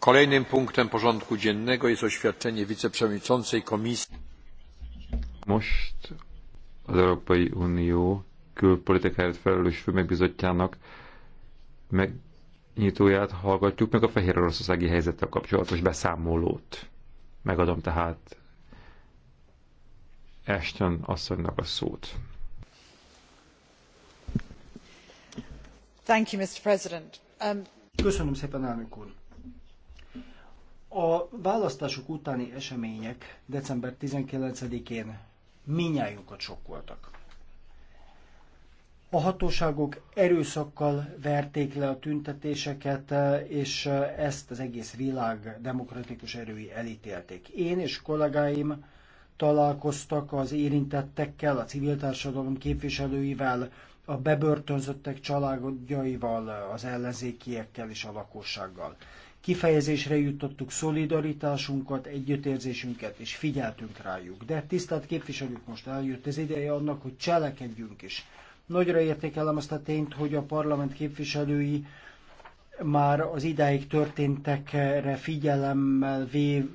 Kolejnym punktem porządku dziennego jest oświadczenie wiceprzewodniczącej komisji. Most az Európai Unió külpolitikáért felelős főmegbizottjának megnyitóját hallgatjuk, meg a fehér oroszországi helyzettel kapcsolatos beszámolót. Megadom tehát Ashton asszonynak a szót. Thank you, Mr. President. Um... Köszönöm szépen, elnök úr a választások utáni események december 19-én minnyájunkat sokkoltak. A hatóságok erőszakkal verték le a tüntetéseket, és ezt az egész világ demokratikus erői elítélték. Én és kollégáim találkoztak az érintettekkel, a civil társadalom képviselőivel, a bebörtönzöttek családjaival, az ellenzékiekkel és a lakossággal kifejezésre jutottuk, szolidaritásunkat, együttérzésünket, és figyeltünk rájuk. De tisztelt képviselők, most eljött az ideje annak, hogy cselekedjünk is. Nagyra értékelem azt a tényt, hogy a parlament képviselői már az idáig történtekre figyelemmel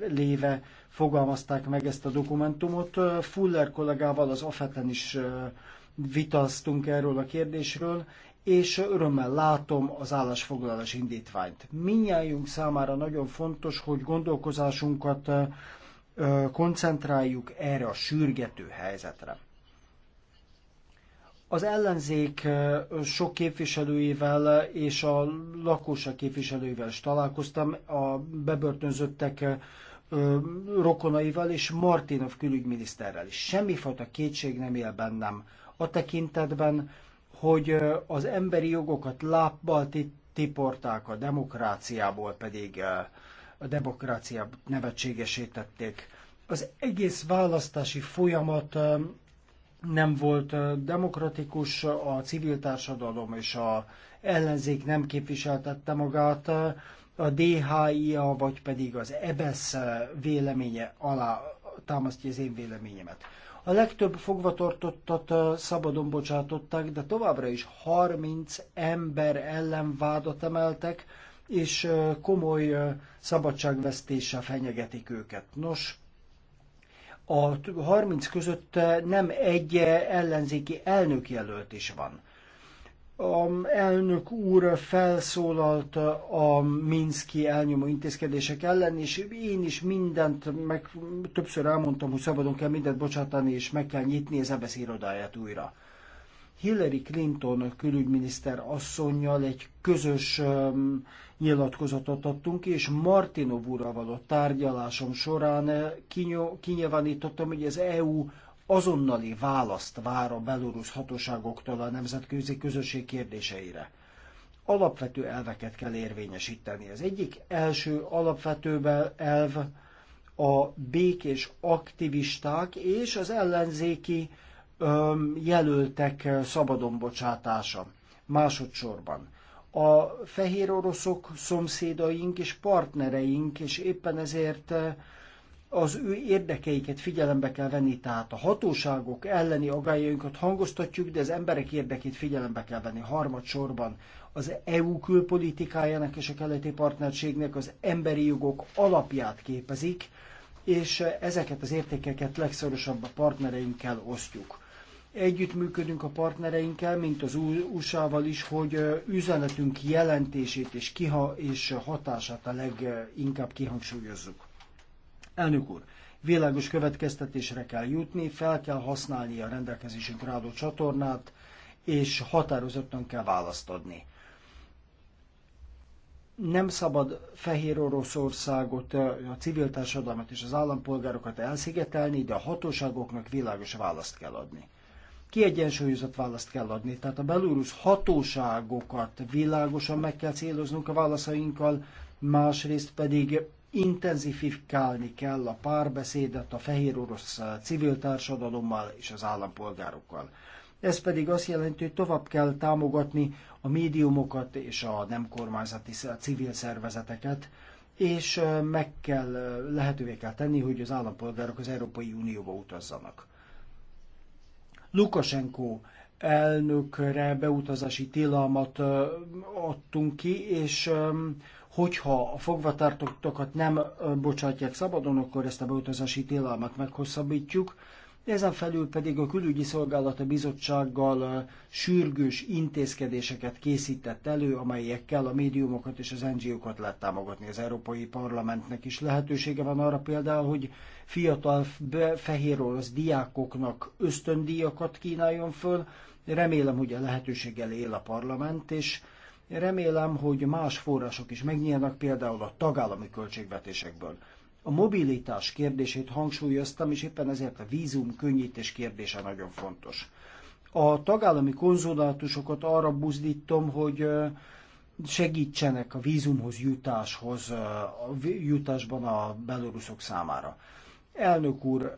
léve fogalmazták meg ezt a dokumentumot. Fuller kollégával az Afeten is vitaztunk erről a kérdésről, és örömmel látom az állásfoglalás indítványt. Minnyájunk számára nagyon fontos, hogy gondolkozásunkat koncentráljuk erre a sürgető helyzetre. Az ellenzék sok képviselőivel és a lakosság képviselőivel is találkoztam, a bebörtönzöttek rokonaival és Martinov külügyminiszterrel is. Semmifajta kétség nem él bennem a tekintetben, hogy az emberi jogokat lábbal tiporták, a demokráciából pedig a demokráciát nevetségesítették. Az egész választási folyamat nem volt demokratikus, a civil társadalom és a ellenzék nem képviseltette magát, a DHIA vagy pedig az EBSZ e véleménye alá támasztja az én véleményemet. A legtöbb fogvatartottat szabadon bocsátották, de továbbra is 30 ember ellen vádat emeltek, és komoly szabadságvesztése fenyegetik őket. Nos, a 30 között nem egy ellenzéki elnök jelölt is van a elnök úr felszólalt a Minszki elnyomó intézkedések ellen, és én is mindent, meg többször elmondtam, hogy szabadon kell mindent bocsátani, és meg kell nyitni az ebesz irodáját újra. Hillary Clinton külügyminiszter asszonynal egy közös um, nyilatkozatot adtunk, és Martinov úrral való tárgyalásom során kinyilvánítottam, hogy az EU azonnali választ vár a belorusz hatóságoktól a nemzetközi közösség kérdéseire. Alapvető elveket kell érvényesíteni. Az egyik első alapvető elv a békés aktivisták és az ellenzéki öm, jelöltek szabadon bocsátása. Másodszorban a fehér oroszok szomszédaink és partnereink, és éppen ezért az ő érdekeiket figyelembe kell venni, tehát a hatóságok elleni agályainkat hangoztatjuk, de az emberek érdekét figyelembe kell venni. Harmadsorban az EU külpolitikájának és a keleti partnerségnek az emberi jogok alapját képezik, és ezeket az értékeket legszorosabb a partnereinkkel osztjuk. Együttműködünk a partnereinkkel, mint az USA-val is, hogy üzenetünk jelentését és, kiha és hatását a leginkább kihangsúlyozzuk. Elnök úr, világos következtetésre kell jutni, fel kell használni a rendelkezésünkre álló csatornát, és határozottan kell választ adni. Nem szabad Fehér Oroszországot, a civil társadalmat és az állampolgárokat elszigetelni, de a hatóságoknak világos választ kell adni kiegyensúlyozott választ kell adni. Tehát a belorusz hatóságokat világosan meg kell céloznunk a válaszainkkal, másrészt pedig intenzifikálni kell a párbeszédet a fehér orosz civil társadalommal és az állampolgárokkal. Ez pedig azt jelenti, hogy tovább kell támogatni a médiumokat és a nem kormányzati civil szervezeteket, és meg kell, lehetővé kell tenni, hogy az állampolgárok az Európai Unióba utazzanak. Lukasenko elnökre beutazási tilalmat adtunk ki, és hogyha a fogvatartottakat nem bocsátják szabadon, akkor ezt a beutazási tilalmat meghosszabbítjuk. Ezen felül pedig a külügyi szolgálata bizottsággal sürgős intézkedéseket készített elő, amelyekkel a médiumokat és az NGO-kat lehet támogatni. Az Európai Parlamentnek is lehetősége van arra például, hogy fiatal fehér orosz diákoknak ösztöndíjakat kínáljon föl. Remélem, hogy a lehetőséggel él a parlament, és Remélem, hogy más források is megnyílnak, például a tagállami költségvetésekből. A mobilitás kérdését hangsúlyoztam, és éppen ezért a vízum könnyítés kérdése nagyon fontos. A tagállami konzulátusokat arra buzdítom, hogy segítsenek a vízumhoz jutáshoz, jutásban a beloruszok számára. Elnök úr,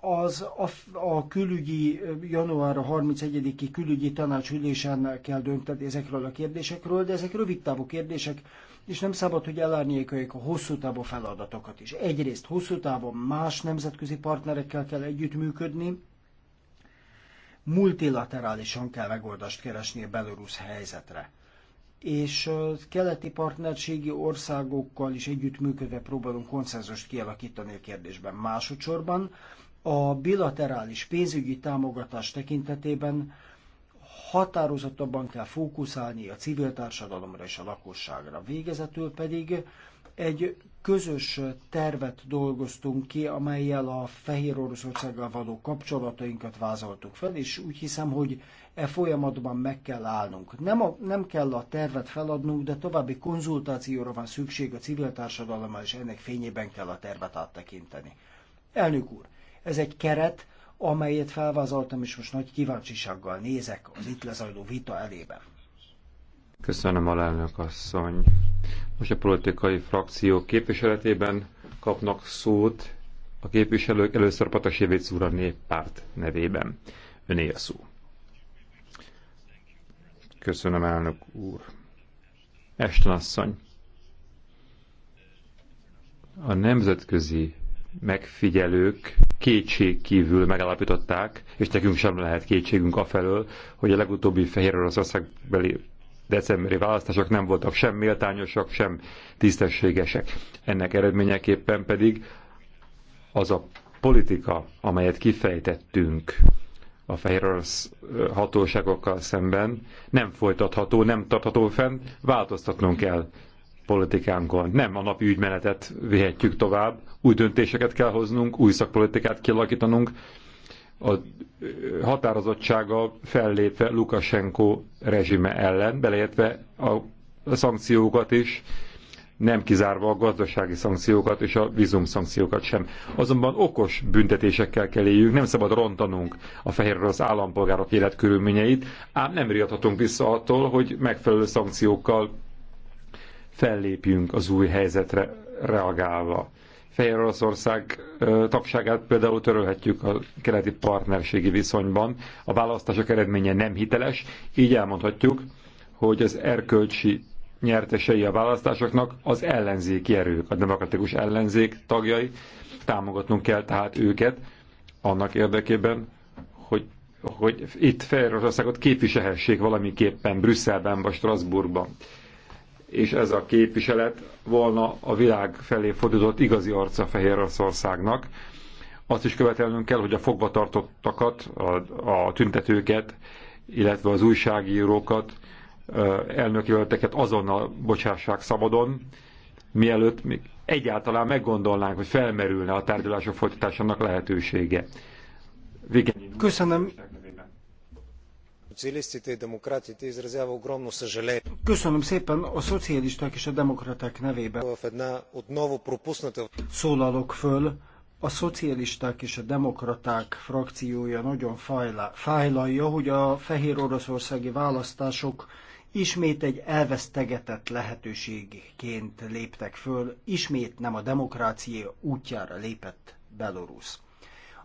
az a, a külügyi, január 31-i külügyi tanácsülésen kell dönteni ezekről a kérdésekről, de ezek rövid távú kérdések, és nem szabad, hogy elárnyékoljuk a hosszú távú feladatokat is. Egyrészt hosszú távon más nemzetközi partnerekkel kell együttműködni, multilaterálisan kell megoldást keresni a belorusz helyzetre és keleti partnerségi országokkal is együttműködve próbálunk konszenzust kialakítani a kérdésben. Másodszorban a bilaterális pénzügyi támogatás tekintetében határozottabban kell fókuszálni a civil társadalomra és a lakosságra. Végezetül pedig egy közös tervet dolgoztunk ki, amelyel a Fehér Oroszországgal való kapcsolatainkat vázoltuk fel, és úgy hiszem, hogy e folyamatban meg kell állnunk. Nem, a, nem kell a tervet feladnunk, de további konzultációra van szükség a civil társadalommal, és ennek fényében kell a tervet áttekinteni. Elnök úr, ez egy keret, amelyet felvázoltam, és most nagy kíváncsisággal nézek az itt lezajló vita elébe. Köszönöm, alelnök asszony. Most a politikai frakciók képviseletében kapnak szót a képviselők először Patasévic úr a néppárt nevében. Öné a szó. Köszönöm, elnök úr. Esten asszony. A nemzetközi megfigyelők kétség kívül megállapították, és nekünk sem lehet kétségünk afelől, hogy a legutóbbi Fehér Oroszországbeli decemberi választások nem voltak sem méltányosak, sem tisztességesek. Ennek eredményeképpen pedig az a politika, amelyet kifejtettünk a fehér orosz hatóságokkal szemben, nem folytatható, nem tartható fenn, változtatnunk kell politikánkon. Nem a napi ügymenetet vihetjük tovább, új döntéseket kell hoznunk, új szakpolitikát kialakítanunk. A határozottsága fellépve Lukasenko rezsime ellen, beleértve a szankciókat is, nem kizárva a gazdasági szankciókat és a vízum szankciókat sem. Azonban okos büntetésekkel kell éljünk, nem szabad rontanunk a fehér az állampolgárok életkörülményeit, ám nem riadhatunk vissza attól, hogy megfelelő szankciókkal fellépjünk az új helyzetre reagálva. Fehér Oroszország tagságát például törölhetjük a keleti partnerségi viszonyban. A választások eredménye nem hiteles, így elmondhatjuk, hogy az erkölcsi nyertesei a választásoknak az ellenzéki erők, a demokratikus ellenzék tagjai. Támogatnunk kell tehát őket annak érdekében, hogy, hogy itt Oroszországot képviselhessék valamiképpen Brüsszelben vagy Strasbourgban és ez a képviselet volna a világ felé fordított igazi arca Fehérországnak. Azt is követelnünk kell, hogy a fogvatartottakat, a, a tüntetőket, illetve az újságírókat, elnökjelölteket azonnal bocsássák szabadon, mielőtt még egyáltalán meggondolnánk, hogy felmerülne a tárgyalások folytatásának lehetősége. Vigen. Köszönöm социалистите и демократите изразява огромно съжаление. szépen a szocialisták és a demokraták nevében. В една отново пропусната... Szólalok föl, a szocialisták és a demokraták frakciója nagyon fájla, fájlalja, hogy a fehér oroszországi választások ismét egy elvesztegetett lehetőségként léptek föl, ismét nem a demokrácia útjára lépett Belarus.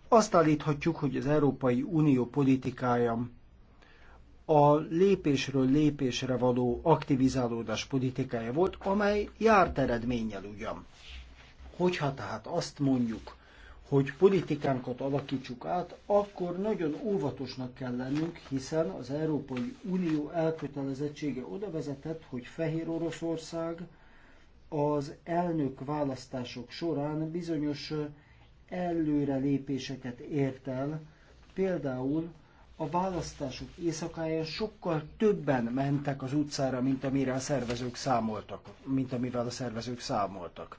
Azt állíthatjuk, hogy az Európai Unió politikája a lépésről lépésre való aktivizálódás politikája volt, amely járt eredménnyel ugyan. Hogyha tehát azt mondjuk, hogy politikánkat alakítsuk át, akkor nagyon óvatosnak kell lennünk, hiszen az Európai Unió elkötelezettsége oda vezetett, hogy Fehér Oroszország az elnök választások során bizonyos előrelépéseket ért el, például a választások éjszakáján sokkal többen mentek az utcára, mint amire a szervezők számoltak, mint amivel a szervezők számoltak.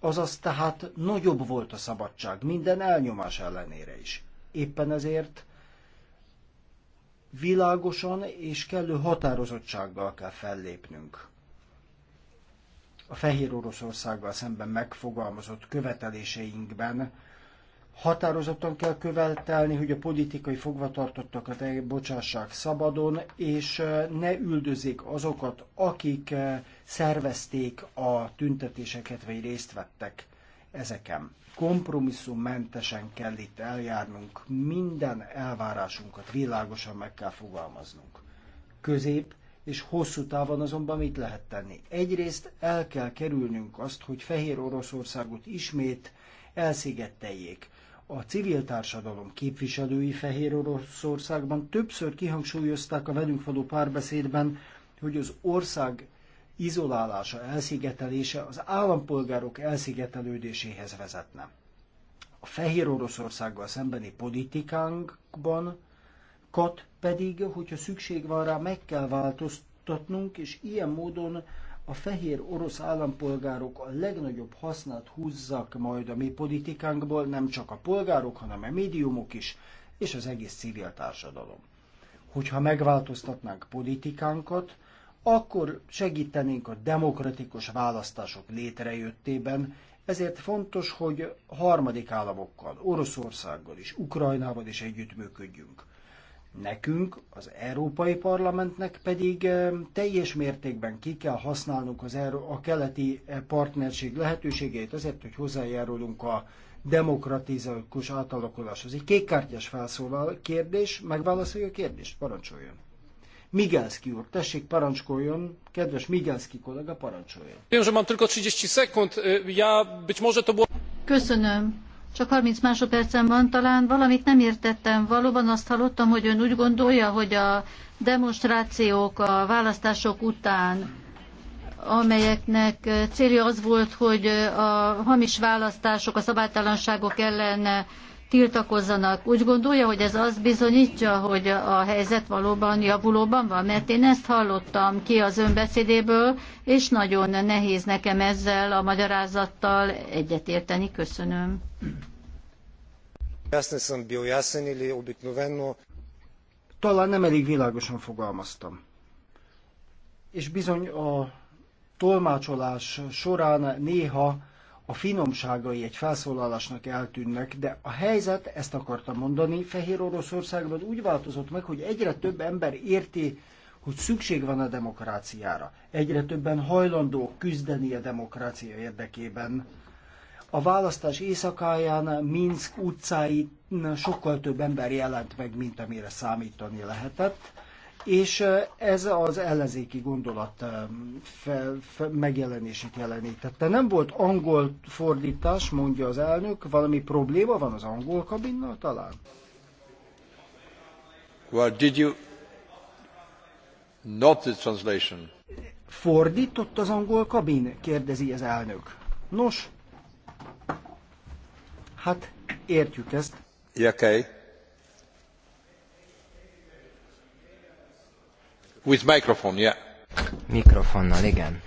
Azaz tehát nagyobb volt a szabadság, minden elnyomás ellenére is. Éppen ezért világosan és kellő határozottsággal kell fellépnünk. A Fehér Oroszországgal szemben megfogalmazott követeléseinkben Határozottan kell követelni, hogy a politikai fogvatartottakat bocsássák szabadon, és ne üldözzék azokat, akik szervezték a tüntetéseket, vagy részt vettek ezeken. Kompromisszummentesen kell itt eljárnunk, minden elvárásunkat világosan meg kell fogalmaznunk. Közép és hosszú távon azonban mit lehet tenni? Egyrészt el kell kerülnünk azt, hogy Fehér Oroszországot ismét elszigeteljék a civil társadalom képviselői Fehér Oroszországban többször kihangsúlyozták a velünk való párbeszédben, hogy az ország izolálása, elszigetelése az állampolgárok elszigetelődéséhez vezetne. A Fehér Oroszországgal szembeni politikánkban kat pedig, hogyha szükség van rá, meg kell változtatnunk, és ilyen módon a fehér orosz állampolgárok a legnagyobb hasznát húzzak majd a mi politikánkból, nem csak a polgárok, hanem a médiumok is, és az egész civil társadalom. Hogyha megváltoztatnánk politikánkat, akkor segítenénk a demokratikus választások létrejöttében, ezért fontos, hogy harmadik államokkal, Oroszországgal és Ukrajnával is együttműködjünk. Nekünk, az Európai Parlamentnek pedig teljes mértékben ki kell használnunk az Euró- a keleti partnerség lehetőségeit azért, hogy hozzájárulunk a demokratikus átalakuláshoz. Egy kékkártyás felszólal kérdés, megválaszolja a kérdést, parancsoljon. Migelski úr, tessék, parancsoljon, kedves Migelski kollega, parancsoljon. Köszönöm, csak 30 másodpercen van, talán valamit nem értettem. Valóban azt hallottam, hogy ön úgy gondolja, hogy a demonstrációk a választások után, amelyeknek célja az volt, hogy a hamis választások, a szabálytalanságok ellen tiltakozzanak. Úgy gondolja, hogy ez azt bizonyítja, hogy a helyzet valóban javulóban van? Mert én ezt hallottam ki az önbeszédéből, és nagyon nehéz nekem ezzel a magyarázattal egyetérteni. Köszönöm. Talán nem elég világosan fogalmaztam. És bizony a tolmácsolás során néha a finomságai egy felszólalásnak eltűnnek, de a helyzet, ezt akartam mondani, Fehér Oroszországban úgy változott meg, hogy egyre több ember érti, hogy szükség van a demokráciára. Egyre többen hajlandók küzdeni a demokrácia érdekében. A választás éjszakáján Minsk utcáit sokkal több ember jelent meg, mint amire számítani lehetett és ez az ellenzéki gondolat fel, fel, megjelenését jelenítette. Nem volt angol fordítás, mondja az elnök, valami probléma van az angol kabinnal talán? Well, did you... Not the translation. Fordított az angol kabin? kérdezi az elnök. Nos, hát értjük ezt. Yeah, okay. Mikrofonnal, igen.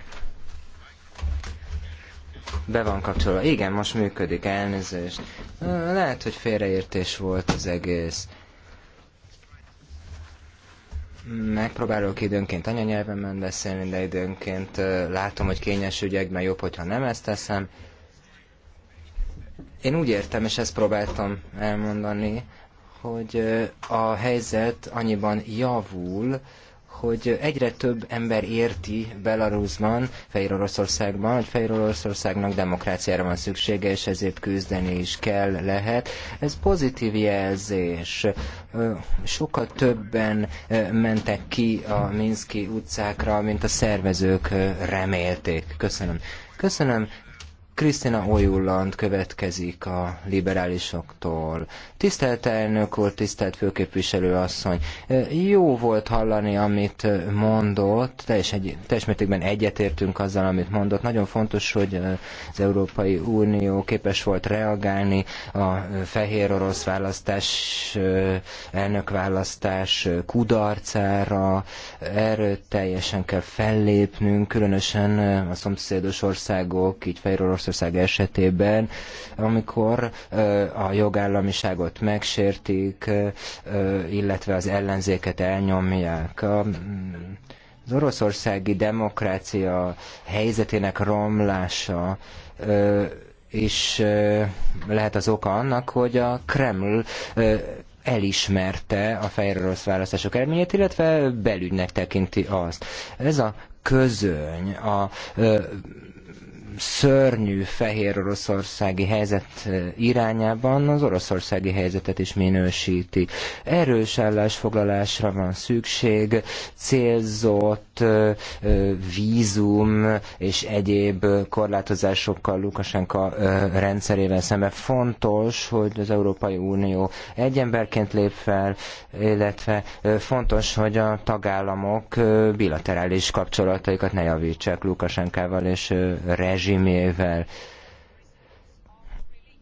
Be van kapcsolva. Igen, most működik, elnézést. Lehet, hogy félreértés volt az egész. Megpróbálok időnként anyanyelvemen beszélni, de időnként látom, hogy kényes ügyekben jobb, hogyha nem ezt teszem. Én úgy értem, és ezt próbáltam elmondani, hogy a helyzet annyiban javul, hogy egyre több ember érti Belarusban, Fehér Oroszországban, hogy Fehér Oroszországnak demokráciára van szüksége, és ezért küzdeni is kell, lehet. Ez pozitív jelzés. Sokkal többen mentek ki a Minszki utcákra, mint a szervezők remélték. Köszönöm. Köszönöm, Krisztina Ojulland következik a liberálisoktól. Tisztelt elnök úr, tisztelt főképviselő asszony, jó volt hallani, amit mondott, teljes, egy, teljes mértékben egyetértünk azzal, amit mondott. Nagyon fontos, hogy az Európai Unió képes volt reagálni a fehér orosz választás, elnökválasztás kudarcára, erőt teljesen kell fellépnünk, különösen a szomszédos országok, így fehér orosz Oroszország esetében, amikor a jogállamiságot megsértik, illetve az ellenzéket elnyomják. az oroszországi demokrácia helyzetének romlása is lehet az oka annak, hogy a Kreml elismerte a fehér orosz választások eredményét, illetve belügynek tekinti azt. Ez a közöny, a szörnyű fehér oroszországi helyzet eh, irányában az oroszországi helyzetet is minősíti. Erős állásfoglalásra van szükség, célzott kapott vízum és egyéb korlátozásokkal Lukasenka rendszerével szemben. Fontos, hogy az Európai Unió egy emberként lép fel, illetve fontos, hogy a tagállamok bilaterális kapcsolataikat ne javítsák Lukasenkával és rezsimével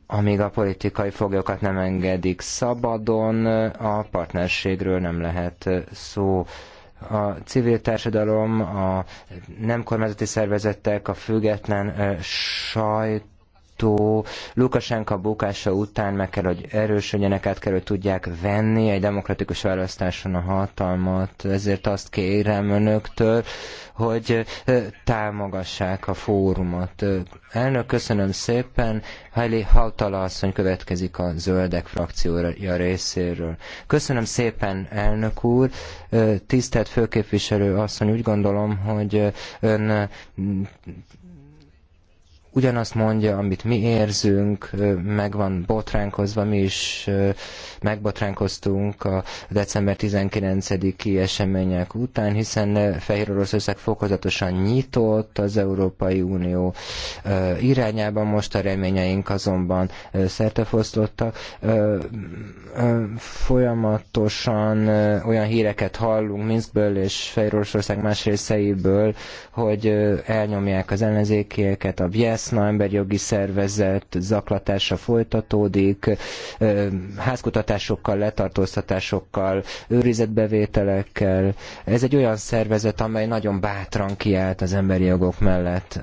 amíg a politikai foglyokat nem engedik szabadon, a partnerségről nem lehet szó a civil társadalom, a nem kormányzati szervezetek, a független sajt, Lukasenka bukása után meg kell, hogy erősödjenek, át kell, hogy tudják venni egy demokratikus választáson a hatalmat. Ezért azt kérem önöktől, hogy támogassák a fórumot. Elnök, köszönöm szépen. Heili Hautala asszony következik a Zöldek frakciója részéről. Köszönöm szépen, elnök úr. Tisztelt főképviselő asszony, úgy gondolom, hogy ön ugyanazt mondja, amit mi érzünk, meg van botránkozva, mi is megbotránkoztunk a december 19-i események után, hiszen Fehér Oroszország fokozatosan nyitott az Európai Unió irányában, most a reményeink azonban szertefoszlottak. Folyamatosan olyan híreket hallunk Minskből és Fehér Oroszország más részeiből, hogy elnyomják az ellenzékieket, a Biesz emberi emberjogi szervezet zaklatása folytatódik, házkutatásokkal, letartóztatásokkal, őrizetbevételekkel. Ez egy olyan szervezet, amely nagyon bátran kiállt az emberi jogok mellett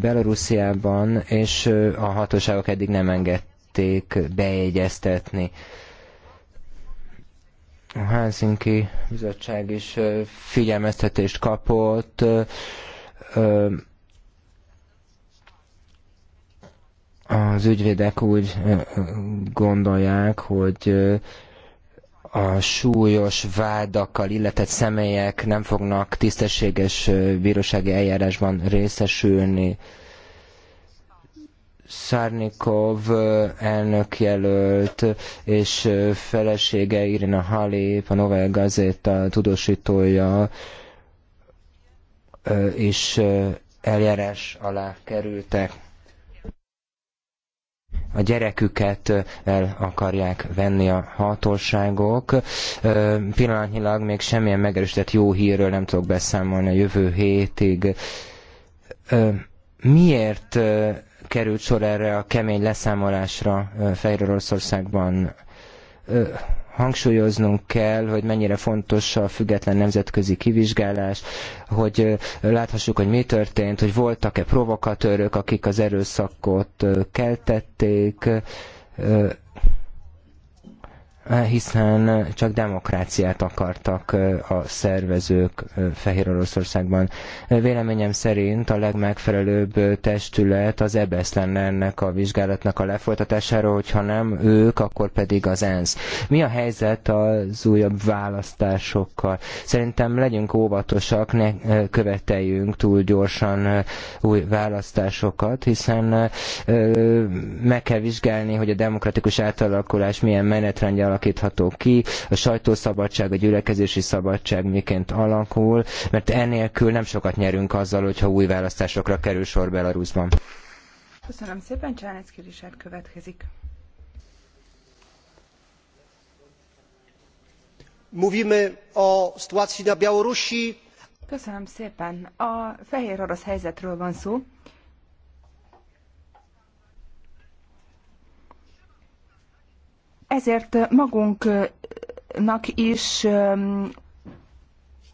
Belorussziában, és a hatóságok eddig nem engedték beegyeztetni. A Helsinki Bizottság is figyelmeztetést kapott, az ügyvédek úgy gondolják, hogy a súlyos vádakkal illetett személyek nem fognak tisztességes bírósági eljárásban részesülni. Szárnikov jelölt és felesége Irina Halép, a Novel Gazeta tudósítója is eljárás alá kerültek a gyereküket el akarják venni a hatóságok. Pillanatnyilag még semmilyen megerősített jó hírről nem tudok beszámolni a jövő hétig. Miért került sor erre a kemény leszámolásra Fehér Oroszországban? hangsúlyoznunk kell, hogy mennyire fontos a független nemzetközi kivizsgálás, hogy láthassuk, hogy mi történt, hogy voltak-e provokatőrök, akik az erőszakot keltették, hiszen csak demokráciát akartak a szervezők Fehér Oroszországban. Véleményem szerint a legmegfelelőbb testület az EBESZ lenne ennek a vizsgálatnak a lefolytatására, hogyha nem ők, akkor pedig az ENSZ. Mi a helyzet az újabb választásokkal? Szerintem legyünk óvatosak, ne követeljünk túl gyorsan új választásokat, hiszen meg kell vizsgálni, hogy a demokratikus átalakulás milyen menetrendje alakítható ki, a sajtószabadság, a gyülekezési szabadság miként alakul, mert enélkül nem sokat nyerünk azzal, hogyha új választásokra kerül sor Belarusban. Köszönöm szépen, Csánecki Richard következik. Mówimy o sytuacji na Białorusi. Köszönöm szépen. A fehér orosz helyzetről van szó. Ezért magunknak is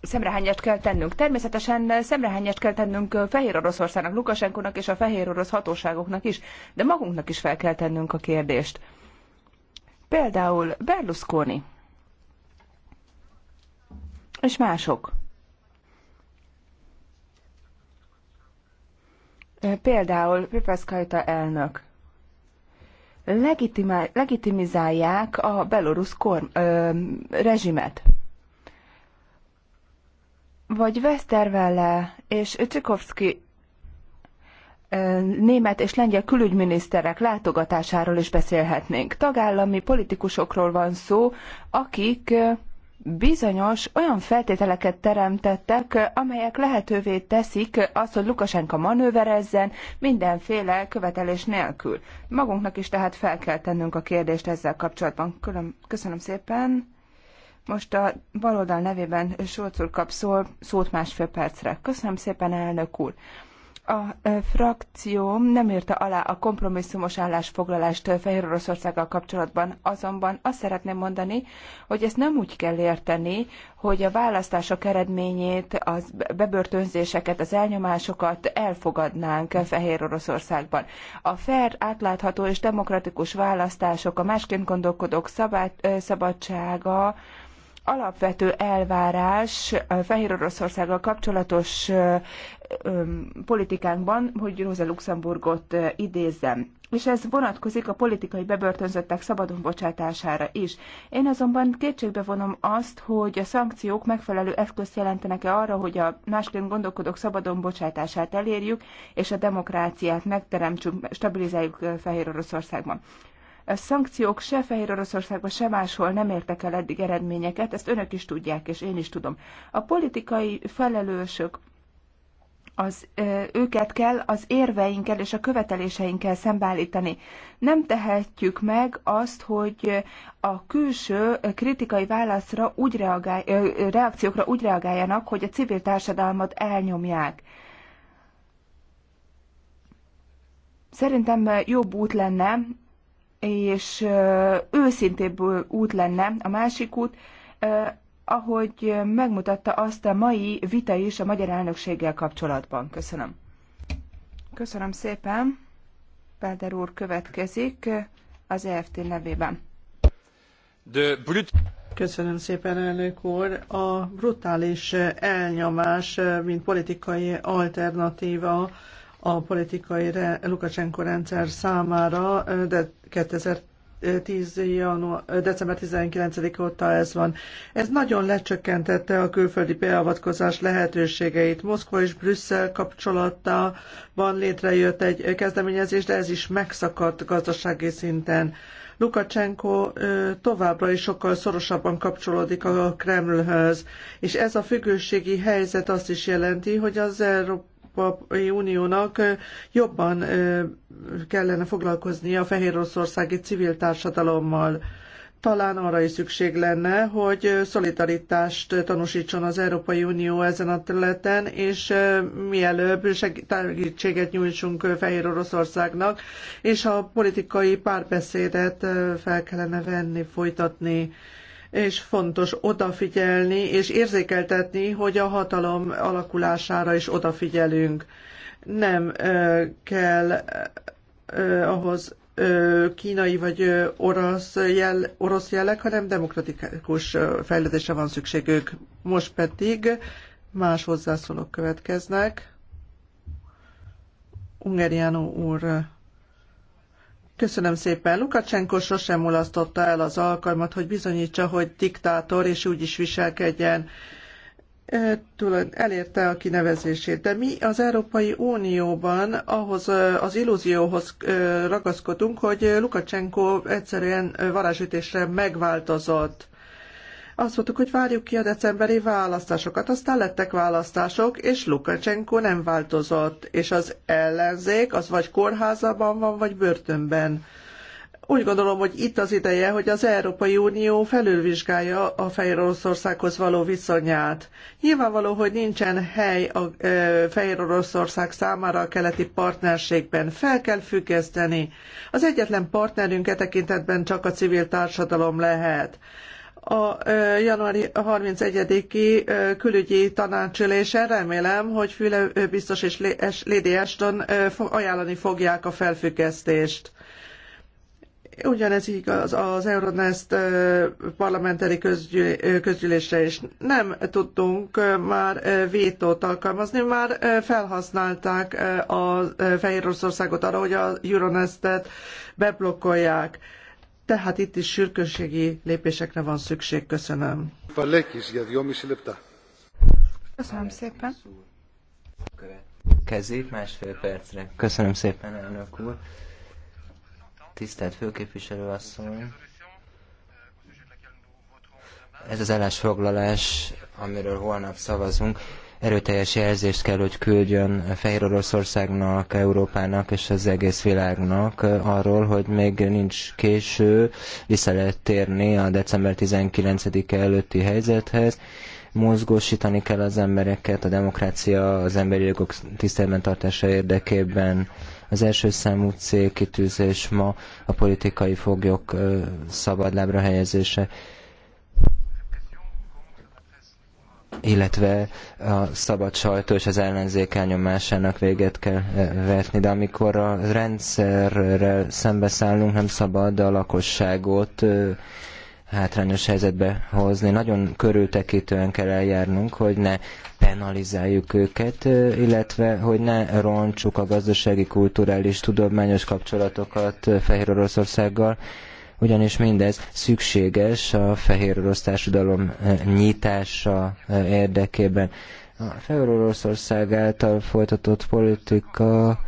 szemrehányást kell tennünk. Természetesen szemrehányást kell tennünk Fehér Oroszországnak, Lukasenkonak és a Fehér Orosz hatóságoknak is, de magunknak is fel kell tennünk a kérdést. Például Berlusconi és mások. Például Pipeszkajta elnök legitimizálják a belorusz korm, ö, rezsimet. Vagy Westerwelle és Csikovszki német és lengyel külügyminiszterek látogatásáról is beszélhetnénk. Tagállami politikusokról van szó, akik bizonyos olyan feltételeket teremtettek, amelyek lehetővé teszik azt, hogy Lukasenka manőverezzen mindenféle követelés nélkül. Magunknak is tehát fel kell tennünk a kérdést ezzel kapcsolatban. Külön, köszönöm szépen. Most a baloldal nevében Solc kap szó, szót másfél percre. Köszönöm szépen, elnök úr a frakcióm nem érte alá a kompromisszumos állásfoglalást Fehér Oroszországgal kapcsolatban, azonban azt szeretném mondani, hogy ezt nem úgy kell érteni, hogy a választások eredményét, a bebörtönzéseket, az elnyomásokat elfogadnánk Fehér Oroszországban. A fair, átlátható és demokratikus választások, a másként gondolkodók szabadsága, alapvető elvárás Fehér Oroszországgal kapcsolatos politikánkban, hogy Rosa Luxemburgot idézzem. És ez vonatkozik a politikai bebörtönzöttek szabadon bocsátására is. Én azonban kétségbe vonom azt, hogy a szankciók megfelelő eszközt jelentenek-e arra, hogy a másként gondolkodók szabadon bocsátását elérjük, és a demokráciát megteremtsünk, stabilizáljuk Fehér Oroszországban. A szankciók se Fehér Oroszországban, se máshol nem értek el eddig eredményeket, ezt önök is tudják, és én is tudom. A politikai felelősök az, őket kell az érveinkkel és a követeléseinkkel szembeállítani. Nem tehetjük meg azt, hogy a külső kritikai válaszra úgy ö, reakciókra úgy reagáljanak, hogy a civil társadalmat elnyomják. Szerintem jobb út lenne, és őszintébb út lenne a másik út, ahogy megmutatta azt a mai vita is a magyar elnökséggel kapcsolatban. Köszönöm. Köszönöm szépen. Pelder úr következik az EFT nevében. De brut- Köszönöm szépen, elnök úr. A brutális elnyomás, mint politikai alternatíva a politikai Lukashenko rendszer számára, de 2000 10 janu- december 19 óta ez van. Ez nagyon lecsökkentette a külföldi beavatkozás lehetőségeit. Moszkva és Brüsszel kapcsolatában létrejött egy kezdeményezés, de ez is megszakadt gazdasági szinten. Lukacsenko továbbra is sokkal szorosabban kapcsolódik a Kremlhöz, és ez a függőségi helyzet azt is jelenti, hogy az Európa Európai Uniónak jobban kellene foglalkozni a fehér oroszországi civil társadalommal. Talán arra is szükség lenne, hogy szolidaritást tanúsítson az Európai Unió ezen a területen, és mielőbb segítséget nyújtsunk Fehér Oroszországnak, és a politikai párbeszédet fel kellene venni, folytatni és fontos odafigyelni és érzékeltetni, hogy a hatalom alakulására is odafigyelünk. Nem kell ahhoz kínai vagy orosz, jel, orosz jelleg, hanem demokratikus fejlődésre van szükségük. Most pedig más hozzászólók következnek. Ungeriano úr Köszönöm szépen. Lukacsenko sosem mulasztotta el az alkalmat, hogy bizonyítsa, hogy diktátor, és úgy is viselkedjen. E, elérte a kinevezését. De mi az Európai Unióban ahhoz e, az illúzióhoz e, ragaszkodunk, hogy Lukacsenko egyszerűen varázsütésre megváltozott azt mondtuk, hogy várjuk ki a decemberi választásokat. Aztán lettek választások, és Lukacsenko nem változott, és az ellenzék az vagy kórházában van, vagy börtönben. Úgy gondolom, hogy itt az ideje, hogy az Európai Unió felülvizsgálja a Fehér Oroszországhoz való viszonyát. Nyilvánvaló, hogy nincsen hely a Fehér Oroszország számára a keleti partnerségben. Fel kell függeszteni. Az egyetlen partnerünk e tekintetben csak a civil társadalom lehet a januári 31-i külügyi tanácsülésen remélem, hogy Füle biztos és Lady Ashton ajánlani fogják a felfüggesztést. Ugyanez igaz az Euronest parlamenteri közgyűlésre is. Nem tudtunk már vétót alkalmazni, már felhasználták a Fehér Oroszországot arra, hogy a Euronestet beblokkolják tehát itt is sürgősségi lépésekre van szükség. Köszönöm. Palekis, Köszönöm szépen. Kezik másfél percre. Köszönöm szépen, elnök úr. Tisztelt főképviselő asszony. Ez az állásfoglalás, amiről holnap szavazunk, erőteljes jelzést kell, hogy küldjön Fehér Oroszországnak, Európának és az egész világnak arról, hogy még nincs késő, vissza lehet térni a december 19-e előtti helyzethez, mozgósítani kell az embereket a demokrácia, az emberi jogok tiszteletben tartása érdekében. Az első számú célkitűzés ma a politikai foglyok szabadlábra helyezése. illetve a szabad sajtó és az ellenzék elnyomásának véget kell eh, vetni, de amikor a rendszerrel szembeszállunk, nem szabad a lakosságot eh, hátrányos helyzetbe hozni. Nagyon körültekintően kell eljárnunk, hogy ne penalizáljuk őket, eh, illetve hogy ne rontsuk a gazdasági, kulturális, tudományos kapcsolatokat Fehér Oroszországgal, ugyanis mindez szükséges a fehér orosz társadalom eh, nyitása eh, érdekében. A fehér Oroszország által folytatott politika,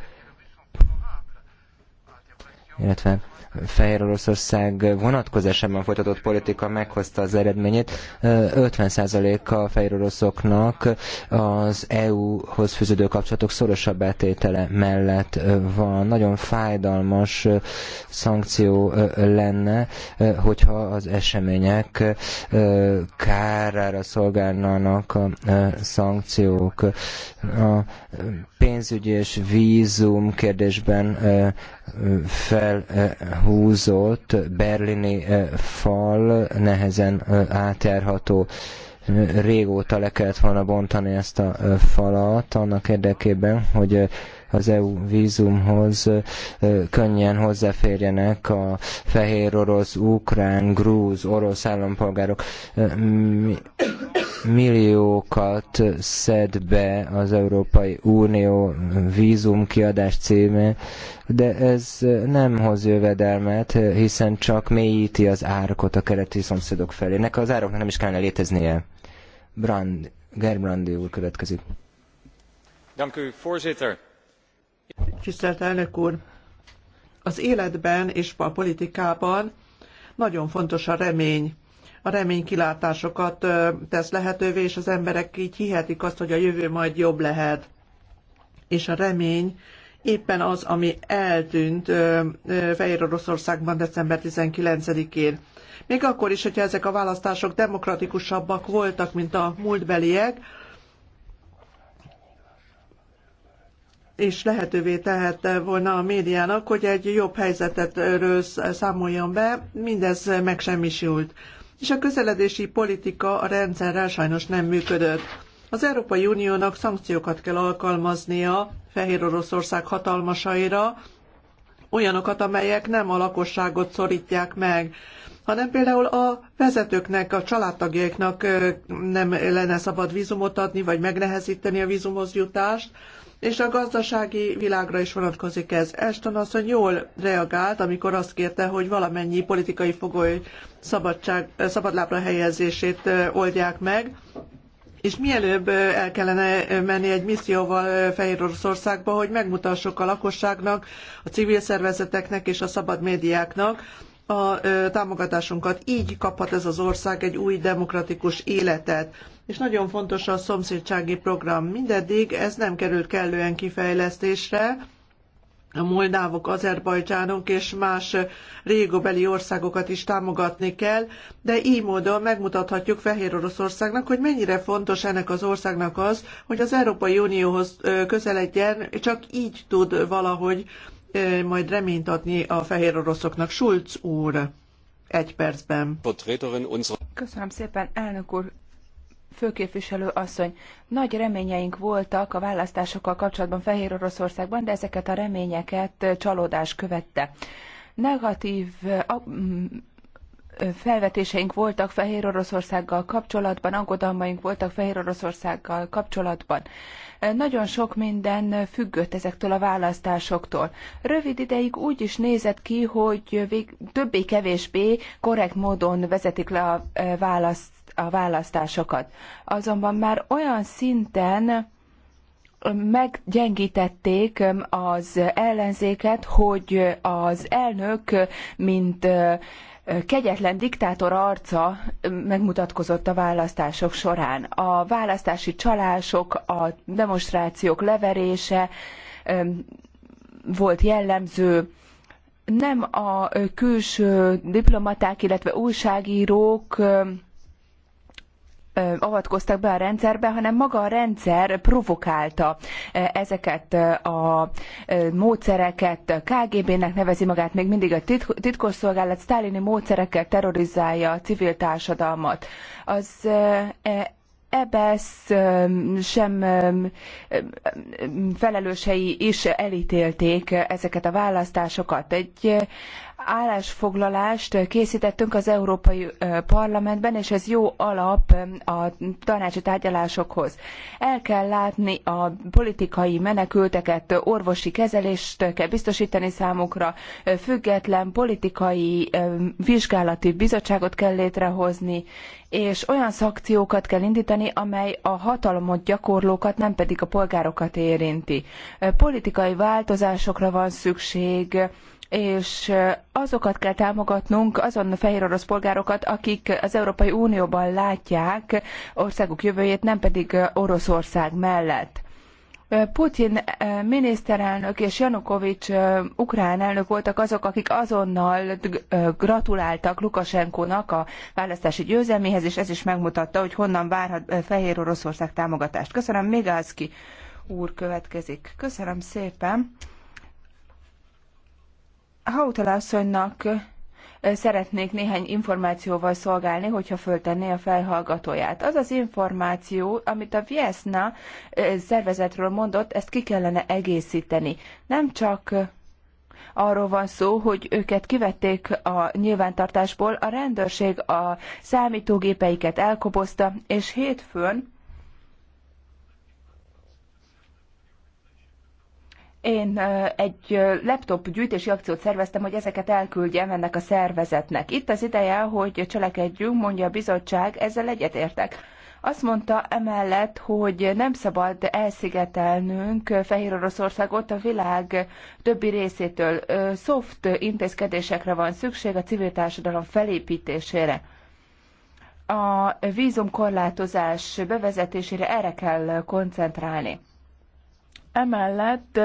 illetve Fehér Oroszország vonatkozásában folytatott politika meghozta az eredményét. 50%-a fehér oroszoknak az EU-hoz fűződő kapcsolatok szorosabb átétele mellett van. Nagyon fájdalmas szankció lenne, hogyha az események kárára szolgálnának a szankciók. A pénzügyi és vízum kérdésben fel húzott berlini eh, fal nehezen eh, átjárható. Régóta le kellett volna bontani ezt a eh, falat annak érdekében, hogy az EU vízumhoz könnyen hozzáférjenek a fehér orosz, ukrán, grúz, orosz állampolgárok. Mi milliókat szed be az Európai Unió kiadás címén, de ez nem hoz jövedelmet, hiszen csak mélyíti az árakot a keleti szomszédok felé. Nek az áraknak nem is kellene léteznie. Brand, Gerbrandi úr következik. Dank u, voorzitter. Tisztelt elnök úr! Az életben és a politikában nagyon fontos a remény a reménykilátásokat tesz lehetővé, és az emberek így hihetik azt, hogy a jövő majd jobb lehet. És a remény éppen az, ami eltűnt Fehér Oroszországban december 19-én. Még akkor is, hogyha ezek a választások demokratikusabbak voltak, mint a múltbeliek, és lehetővé tehette volna a médiának, hogy egy jobb helyzetetről számoljon be, mindez megsemmisült és a közeledési politika a rendszerrel sajnos nem működött. Az Európai Uniónak szankciókat kell alkalmaznia Fehér Oroszország hatalmasaira, olyanokat, amelyek nem a lakosságot szorítják meg, hanem például a vezetőknek, a családtagjaiknak nem lenne szabad vízumot adni, vagy megnehezíteni a vízumhoz jutást, és a gazdasági világra is vonatkozik ez. Ashton asszony jól reagált, amikor azt kérte, hogy valamennyi politikai fogoly szabadság, eh, szabadlábra helyezését eh, oldják meg, és mielőbb eh, el kellene menni egy misszióval Fehér Oroszországba, hogy megmutassuk a lakosságnak, a civil szervezeteknek és a szabad médiáknak a támogatásunkat. Így kaphat ez az ország egy új demokratikus életet és nagyon fontos a szomszédsági program. Mindeddig ez nem került kellően kifejlesztésre, a moldávok, azerbajdzsánok és más régobeli országokat is támogatni kell, de így módon megmutathatjuk Fehér Oroszországnak, hogy mennyire fontos ennek az országnak az, hogy az Európai Unióhoz közeledjen, csak így tud valahogy majd reményt adni a fehér oroszoknak. Schulz úr, egy percben. Köszönöm szépen, elnök úr főképviselő asszony, nagy reményeink voltak a választásokkal kapcsolatban Fehér Oroszországban, de ezeket a reményeket csalódás követte. Negatív felvetéseink voltak Fehér Oroszországgal kapcsolatban, aggodalmaink voltak Fehér Oroszországgal kapcsolatban. Nagyon sok minden függött ezektől a választásoktól. Rövid ideig úgy is nézett ki, hogy többé-kevésbé korrekt módon vezetik le a, választ, a választásokat. Azonban már olyan szinten meggyengítették az ellenzéket, hogy az elnök, mint kegyetlen diktátor arca megmutatkozott a választások során. A választási csalások, a demonstrációk leverése volt jellemző. Nem a külső diplomaták, illetve újságírók avatkoztak be a rendszerbe, hanem maga a rendszer provokálta ezeket a módszereket. KGB-nek nevezi magát még mindig a titkosszolgálat, sztálini módszerekkel terrorizálja a civil társadalmat. Az Ebesz e sem felelősei is elítélték ezeket a választásokat. Egy állásfoglalást készítettünk az Európai Parlamentben, és ez jó alap a tanácsi tárgyalásokhoz. El kell látni a politikai menekülteket, orvosi kezelést kell biztosítani számukra, független politikai vizsgálati bizottságot kell létrehozni, és olyan szakciókat kell indítani, amely a hatalomot gyakorlókat, nem pedig a polgárokat érinti. Politikai változásokra van szükség, és azokat kell támogatnunk, azon fehér orosz polgárokat, akik az Európai Unióban látják országuk jövőjét, nem pedig Oroszország mellett. Putin miniszterelnök és Janukovics ukrán elnök voltak azok, akik azonnal gratuláltak Lukasenkónak a választási győzelméhez, és ez is megmutatta, hogy honnan várhat Fehér Oroszország támogatást. Köszönöm, Migalski úr következik. Köszönöm szépen. Hautala asszonynak szeretnék néhány információval szolgálni, hogyha föltenné a felhallgatóját. Az az információ, amit a Viesna szervezetről mondott, ezt ki kellene egészíteni. Nem csak arról van szó, hogy őket kivették a nyilvántartásból, a rendőrség a számítógépeiket elkobozta, és hétfőn Én egy laptop gyűjtési akciót szerveztem, hogy ezeket elküldjem ennek a szervezetnek. Itt az ideje, hogy cselekedjünk, mondja a bizottság, ezzel egyetértek. Azt mondta emellett, hogy nem szabad elszigetelnünk Fehér Oroszországot a világ többi részétől. Soft intézkedésekre van szükség a civil társadalom felépítésére. A vízumkorlátozás bevezetésére erre kell koncentrálni. Emellett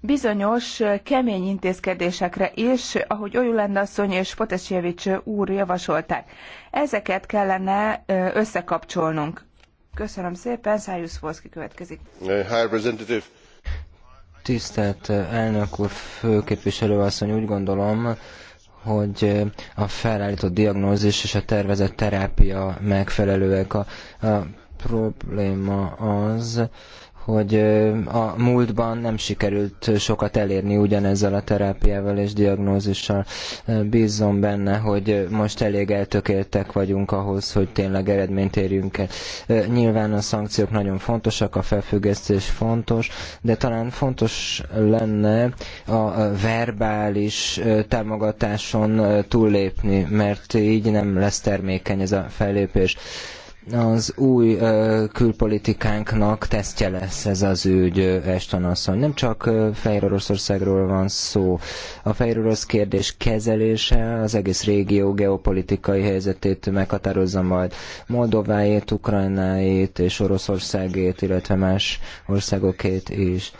bizonyos kemény intézkedésekre is, ahogy Ojuland asszony és Potesjevics úr javasolták. Ezeket kellene összekapcsolnunk. Köszönöm szépen, Szájusz Volszki következik. Tisztelt elnök úr, főképviselő asszony, úgy gondolom, hogy a felállított diagnózis és a tervezett terápia megfelelőek. A, a probléma az, hogy a múltban nem sikerült sokat elérni ugyanezzel a terápiával és diagnózissal. Bízzom benne, hogy most elég eltökéltek vagyunk ahhoz, hogy tényleg eredményt érjünk el. Nyilván a szankciók nagyon fontosak, a felfüggesztés fontos, de talán fontos lenne a verbális támogatáson túllépni, mert így nem lesz termékeny ez a fellépés az új ö, külpolitikánknak tesztje lesz ez az ügy, Eston asszony. Nem csak Fehér Oroszországról van szó. A Fehér Orosz kérdés kezelése az egész régió geopolitikai helyzetét meghatározza majd Moldováét, Ukrajnáét és Oroszországét, illetve más országokét is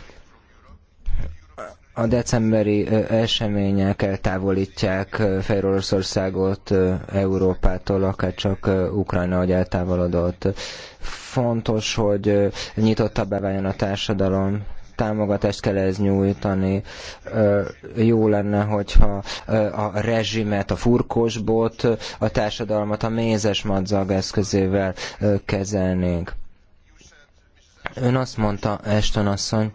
a decemberi események eltávolítják Fejroroszországot Európától, akár csak Ukrajna, hogy eltávolodott. Fontos, hogy nyitottabbá váljon a társadalom, támogatást kell ez nyújtani. Jó lenne, hogyha a rezsimet, a furkósbot, a társadalmat a mézes madzag eszközével kezelnénk. Ön azt mondta, Eston asszony,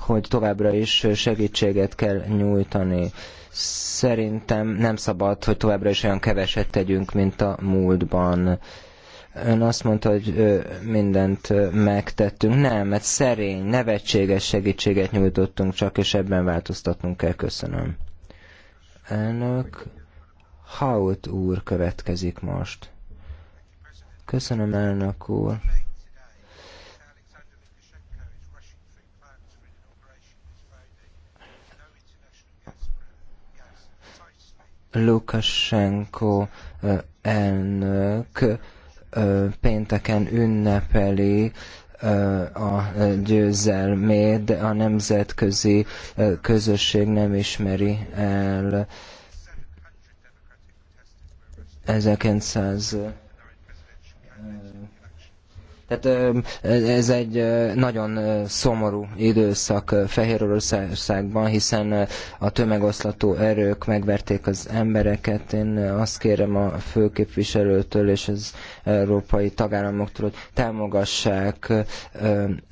hogy továbbra is segítséget kell nyújtani. Szerintem nem szabad, hogy továbbra is olyan keveset tegyünk, mint a múltban. Ön azt mondta, hogy mindent megtettünk. Nem, mert szerény, nevetséges segítséget nyújtottunk csak, és ebben változtatnunk kell. Köszönöm. Elnök Haut úr következik most. Köszönöm, elnök úr. Lukashenko elnök pénteken ünnepeli a győzelmét, de a nemzetközi közösség nem ismeri el 1900 tehát ez egy nagyon szomorú időszak Fehéroroszágban, hiszen a tömegoszlató erők megverték az embereket. Én azt kérem a főképviselőtől és az európai tagállamoktól, hogy támogassák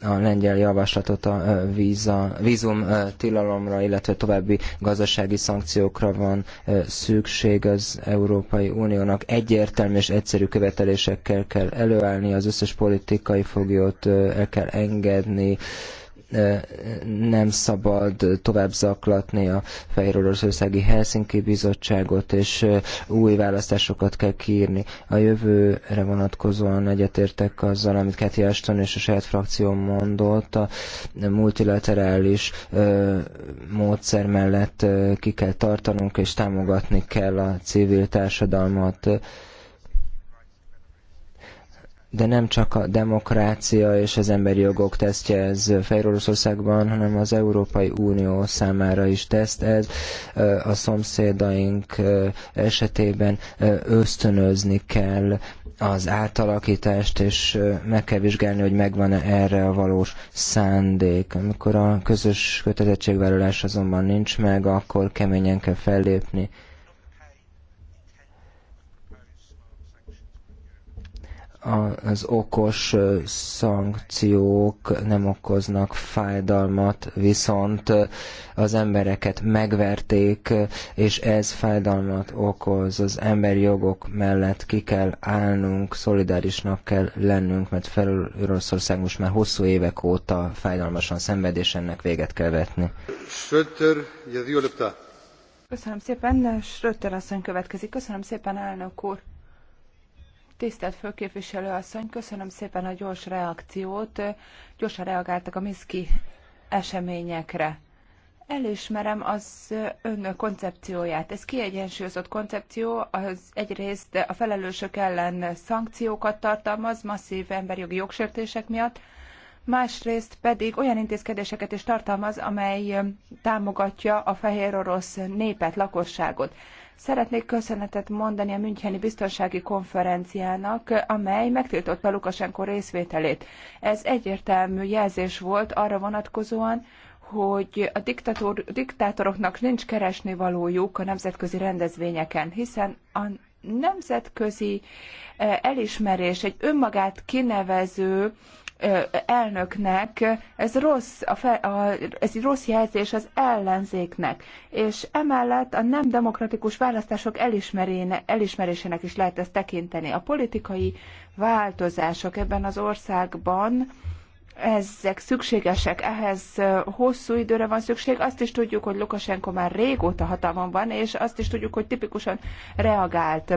a lengyel javaslatot a víza, vízum tilalomra, illetve további gazdasági szankciókra van szükség az Európai Uniónak. Egyértelmű és egyszerű követelésekkel kell előállni az összes politikai politikai foglyot el kell engedni, nem szabad tovább zaklatni a Fehér Oroszországi Helsinki Bizottságot, és új választásokat kell kiírni. A jövőre vonatkozóan egyetértek azzal, amit Keti Ashton és a saját frakció mondott, a multilaterális módszer mellett ki kell tartanunk, és támogatni kell a civil társadalmat de nem csak a demokrácia és az emberi jogok tesztje ez Fehér hanem az Európai Unió számára is teszt ez. A szomszédaink esetében ösztönözni kell az átalakítást, és meg kell vizsgálni, hogy megvan-e erre a valós szándék. Amikor a közös kötelezettségvállalás azonban nincs meg, akkor keményen kell fellépni. az okos szankciók nem okoznak fájdalmat, viszont az embereket megverték, és ez fájdalmat okoz. Az emberi jogok mellett ki kell állnunk, szolidárisnak kell lennünk, mert felül Oroszország most már hosszú évek óta fájdalmasan szenved, és ennek véget kell vetni. Köszönöm szépen, Söter asszony következik. Köszönöm szépen, elnök úr. Tisztelt Főképviselő asszony, köszönöm szépen a gyors reakciót. Gyorsan reagáltak a Miszki eseményekre. Elismerem az ön koncepcióját. Ez kiegyensúlyozott koncepció, az egyrészt a felelősök ellen szankciókat tartalmaz, masszív emberjogi jogsértések miatt, másrészt pedig olyan intézkedéseket is tartalmaz, amely támogatja a fehér orosz népet, lakosságot. Szeretnék köszönetet mondani a Müncheni Biztonsági Konferenciának, amely megtiltotta Lukasenko részvételét. Ez egyértelmű jelzés volt arra vonatkozóan, hogy a diktator, diktátoroknak nincs keresni valójuk a nemzetközi rendezvényeken, hiszen a nemzetközi eh, elismerés, egy önmagát kinevező elnöknek, ez rossz, a fe, a, ez egy rossz jelzés az ellenzéknek, és emellett a nem demokratikus választások elismerésének is lehet ezt tekinteni. A politikai változások ebben az országban ezek szükségesek, ehhez hosszú időre van szükség. Azt is tudjuk, hogy Lukasenko már régóta hatalmon van, és azt is tudjuk, hogy tipikusan reagált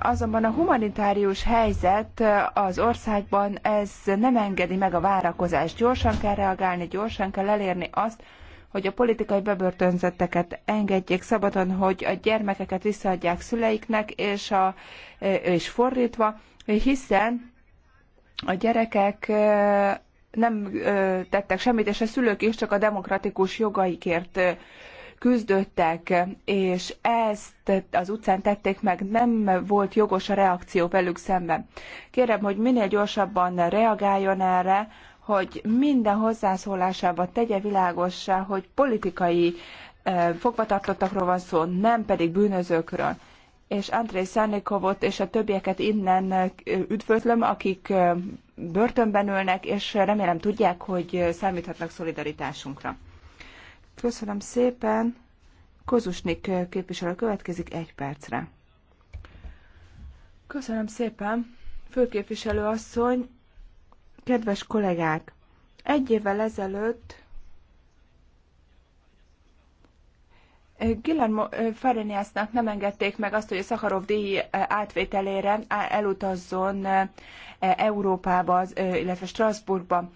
Azonban a humanitárius helyzet az országban ez nem engedi meg a várakozást. Gyorsan kell reagálni, gyorsan kell elérni azt, hogy a politikai bebörtönzetteket engedjék szabadon, hogy a gyermekeket visszaadják szüleiknek, és, a, és fordítva, hiszen a gyerekek nem tettek semmit, és a szülők is csak a demokratikus jogaikért küzdöttek, és ezt az utcán tették meg, nem volt jogos a reakció velük szemben. Kérem, hogy minél gyorsabban reagáljon erre, hogy minden hozzászólásában tegye világossá, hogy politikai eh, fogvatartottakról van szó, nem pedig bűnözőkről. És Andrei Szárnikovot és a többieket innen eh, üdvözlöm, akik eh, börtönben ülnek, és remélem tudják, hogy számíthatnak szolidaritásunkra. Köszönöm szépen. Kozusnik képviselő következik egy percre. Köszönöm szépen. Főképviselő asszony, kedves kollégák! Egy évvel ezelőtt Guillermo Fareniasnak nem engedték meg azt, hogy a Szakarov díj átvételére elutazzon eh, Európába, eh, illetve Strasbourgba.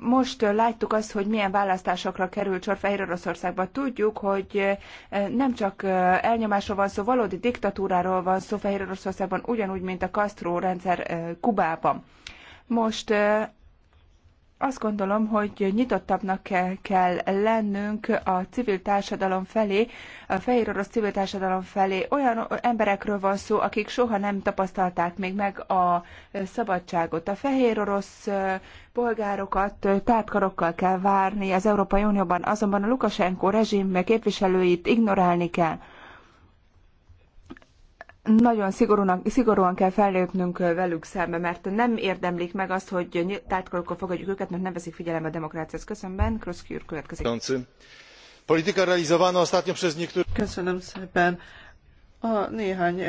Most láttuk azt, hogy milyen választásokra került sor Fehéroroszországban. Tudjuk, hogy eh, nem csak eh, elnyomásról van szó, valódi diktatúráról van szó Fehéroroszországban, ugyanúgy, mint a Castro rendszer eh, Kubában. Most azt gondolom, hogy nyitottabbnak kell, kell lennünk a civil társadalom felé, a fehér orosz civil társadalom felé. Olyan emberekről van szó, akik soha nem tapasztalták még meg a szabadságot. A fehér orosz polgárokat tártkarokkal kell várni az Európai Unióban, azonban a Lukasenko rezsim képviselőit ignorálni kell nagyon szigorúan, szigorúan kell fellépnünk velük szembe, mert nem érdemlik meg azt, hogy tárgyalókkal fogadjuk őket, mert nem veszik figyelembe a demokráciát. Köszönöm, Ben, Kroszki úr következik. Köszönöm szépen a néhány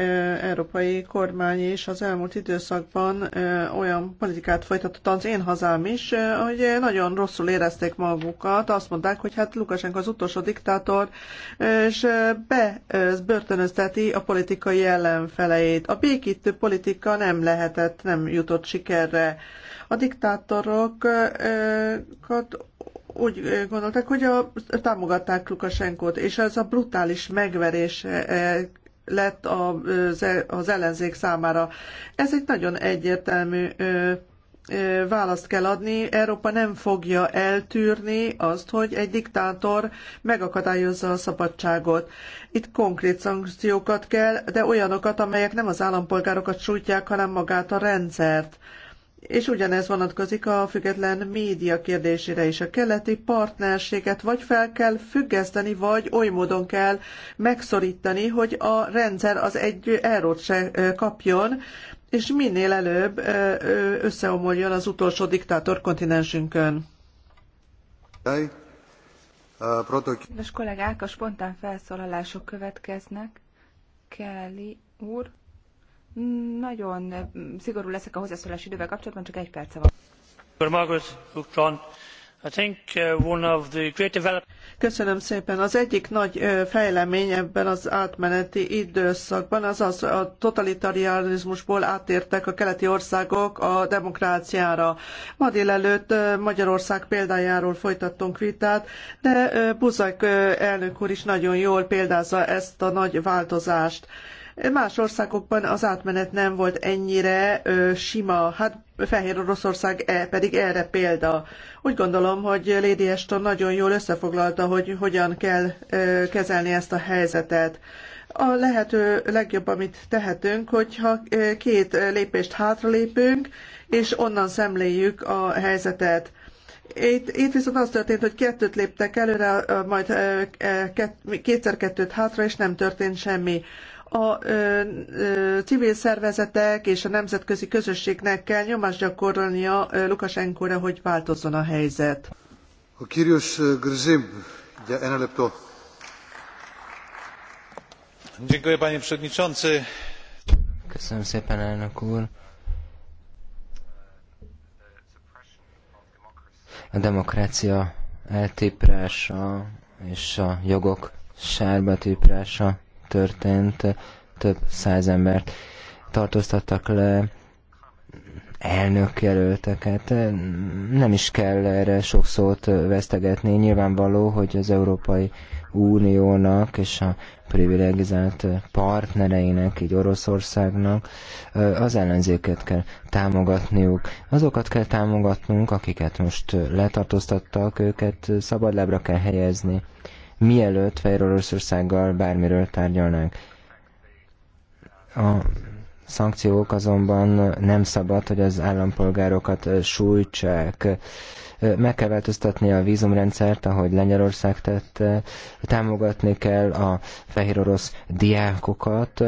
európai kormány is az elmúlt időszakban olyan politikát folytatott, az én hazám is, hogy nagyon rosszul érezték magukat. Azt mondták, hogy hát Lukasenko az utolsó diktátor, és bebörtönözteti a politikai ellenfeleit. A békítő politika nem lehetett, nem jutott sikerre. A diktátorokat úgy gondolták, hogy a, támogatták Lukasenkót, és ez a brutális megverés lett e, az ellenzék számára. Ez egy nagyon egyértelmű választ kell adni. Európa nem fogja eltűrni azt, hogy egy diktátor megakadályozza a szabadságot. Itt konkrét szankciókat kell, de olyanokat, amelyek nem az állampolgárokat sújtják, hanem magát a rendszert és ugyanez vonatkozik a független média kérdésére is. A keleti partnerséget vagy fel kell függeszteni, vagy oly módon kell megszorítani, hogy a rendszer az egy eurót se kapjon, és minél előbb összeomoljon az utolsó diktátor kontinensünkön. Kedves kollégák, a spontán felszólalások következnek. Kelly úr, nagyon eh, szigorú leszek a hozzászólási idővel kapcsolatban, csak egy perce van. Köszönöm szépen. Az egyik nagy fejlemény ebben az átmeneti időszakban az az, a totalitarianizmusból átértek a keleti országok a demokráciára. Ma délelőtt Magyarország példájáról folytattunk vitát, de buzek elnök úr is nagyon jól példázza ezt a nagy változást. Más országokban az átmenet nem volt ennyire ö, sima, hát Fehér Oroszország e, pedig erre példa. Úgy gondolom, hogy Lady Ashton nagyon jól összefoglalta, hogy hogyan kell ö, kezelni ezt a helyzetet a lehető legjobb, amit tehetünk, hogyha két lépést hátralépünk, és onnan szemléljük a helyzetet. Itt, itt viszont az történt, hogy kettőt léptek előre, majd e, kétszer-kettőt hátra, és nem történt semmi a ö, ö, civil szervezetek és a nemzetközi közösségnek kell nyomást gyakorolnia Lukasenkóra, hogy változzon a helyzet. A Kirius Grzim, de Köszönöm szépen, elnök úr. A demokrácia eltéprása és a jogok sárba téprása történt, több száz embert tartóztattak le, jelölteket. Nem is kell erre sok szót vesztegetni. Nyilvánvaló, hogy az Európai Uniónak és a privilegizált partnereinek, így Oroszországnak az ellenzéket kell támogatniuk. Azokat kell támogatnunk, akiket most letartóztattak, őket lábra kell helyezni mielőtt Fehér Oroszországgal bármiről tárgyalnánk. A szankciók azonban nem szabad, hogy az állampolgárokat sújtsák. Meg kell változtatni a vízumrendszert, ahogy Lengyelország tette, támogatni kell a fehér orosz diákokat,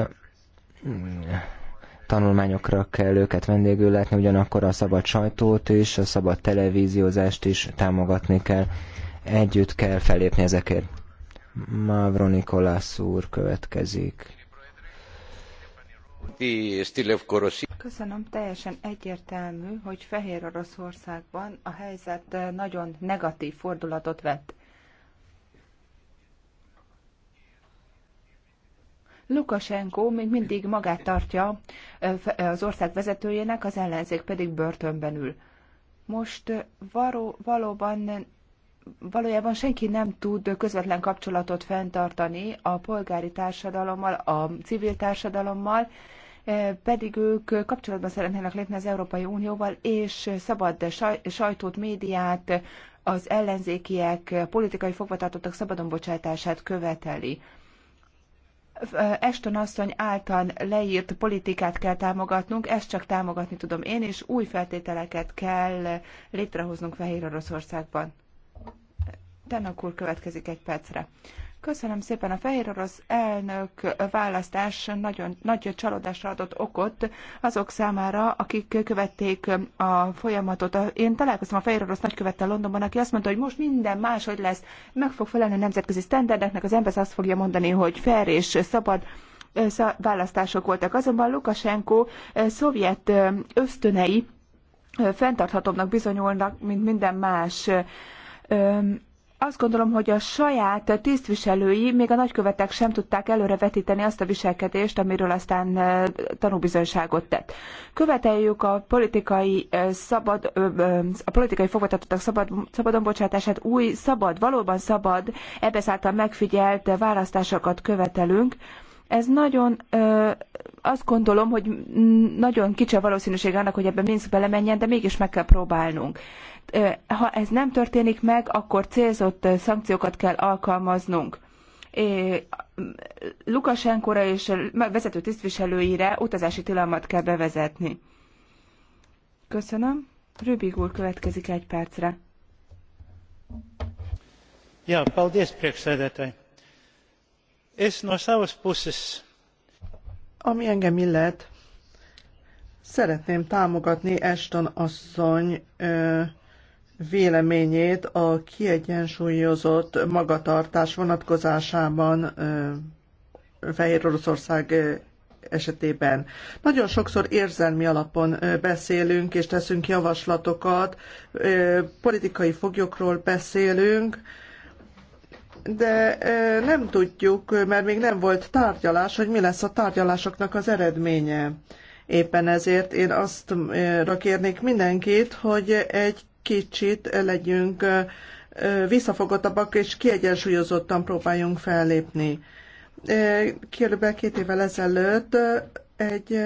tanulmányokra kell őket vendégül látni, ugyanakkor a szabad sajtót is, a szabad televíziózást is támogatni kell. Együtt kell felépni ezekért. Mavro Nikolász úr következik. Köszönöm, teljesen egyértelmű, hogy Fehér Oroszországban a helyzet nagyon negatív fordulatot vett. Lukasenko még mindig magát tartja az ország vezetőjének, az ellenzék pedig börtönben ül. Most való, valóban valójában senki nem tud közvetlen kapcsolatot fenntartani a polgári társadalommal, a civil társadalommal, eh, pedig ők kapcsolatban szeretnének lépni az Európai Unióval, és szabad sajtót, médiát, az ellenzékiek, politikai fogvatartottak szabadonbocsátását követeli. Eh, Eston asszony által leírt politikát kell támogatnunk, ezt csak támogatni tudom én, és új feltételeket kell létrehoznunk Fehér Oroszországban. Tenakul úr következik egy percre. Köszönöm szépen. A fehér orosz elnök választás nagyon nagy csalódásra adott okot azok számára, akik követték a folyamatot. Én találkoztam a fehér orosz nagykövettel Londonban, aki azt mondta, hogy most minden máshogy lesz, meg fog felelni a nemzetközi sztenderdeknek, az ember azt fogja mondani, hogy fair és szabad választások voltak. Azonban Lukasenko szovjet ösztönei fenntarthatóbbnak bizonyulnak, mint minden más azt gondolom, hogy a saját tisztviselői, még a nagykövetek sem tudták előrevetíteni azt a viselkedést, amiről aztán tanúbizonyságot tett. Követeljük a politikai, szabad, a politikai fogvatartottak szabad, szabadon bocsátását, új, szabad, valóban szabad, ebbez által megfigyelt választásokat követelünk. Ez nagyon, azt gondolom, hogy mm, nagyon kicsi a valószínűség annak, hogy ebben Minsk belemenjen, de mégis meg kell próbálnunk ha ez nem történik meg, akkor célzott szankciókat kell alkalmaznunk. Lukasenkora és vezető tisztviselőire utazási tilalmat kell bevezetni. Köszönöm. Rübig úr következik egy percre. Jā, paldies, priekšsēdētāji. Es no savas puses. Ami engem illet, szeretném támogatni Eston asszony ö, véleményét a kiegyensúlyozott magatartás vonatkozásában Fehér Oroszország esetében. Nagyon sokszor érzelmi alapon beszélünk és teszünk javaslatokat, politikai foglyokról beszélünk, de nem tudjuk, mert még nem volt tárgyalás, hogy mi lesz a tárgyalásoknak az eredménye. Éppen ezért én azt kérnék mindenkit, hogy egy kicsit legyünk visszafogottabbak és kiegyensúlyozottan próbáljunk fellépni. Körülbelül két évvel ezelőtt egy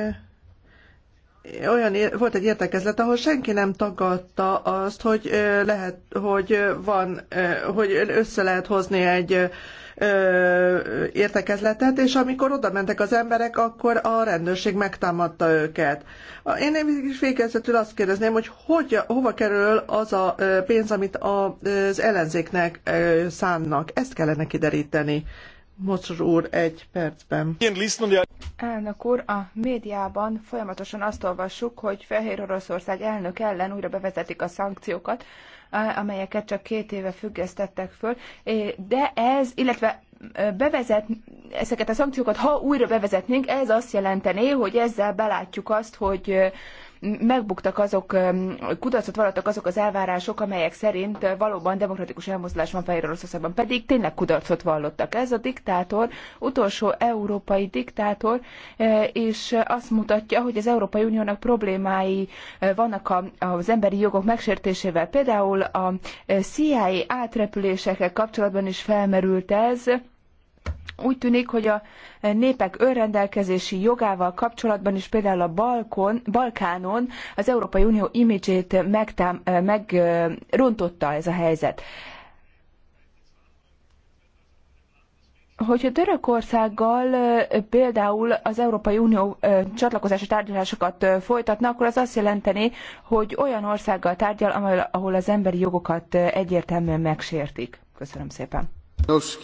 olyan, volt egy értekezlet, ahol senki nem tagadta azt, hogy lehet, hogy van, hogy össze lehet hozni egy értekezletet, és amikor oda mentek az emberek, akkor a rendőrség megtámadta őket. Én is végezetül azt kérdezném, hogy, hogy hova kerül az a pénz, amit az ellenzéknek szánnak. Ezt kellene kideríteni. Mocsor úr, egy percben. Elnök úr, a médiában folyamatosan azt olvassuk, hogy Fehér Oroszország elnök ellen újra bevezetik a szankciókat, amelyeket csak két éve függesztettek föl, de ez, illetve bevezet, ezeket a szankciókat, ha újra bevezetnénk, ez azt jelentené, hogy ezzel belátjuk azt, hogy megbuktak azok, kudarcot vallottak azok az elvárások, amelyek szerint valóban demokratikus elmozdulás van Fehér Oroszországban, pedig tényleg kudarcot vallottak. Ez a diktátor, utolsó európai diktátor, és azt mutatja, hogy az Európai Uniónak problémái vannak az emberi jogok megsértésével. Például a CIA átrepülésekkel kapcsolatban is felmerült ez, úgy tűnik, hogy a népek önrendelkezési jogával kapcsolatban is például a Balkon, Balkánon az Európai Unió imidzsét megrontotta ez a helyzet. hogyha Törökországgal például az Európai Unió csatlakozási tárgyalásokat folytatna, akkor az azt jelenteni, hogy olyan országgal tárgyal, ahol az emberi jogokat egyértelműen megsértik. Köszönöm szépen. Nos,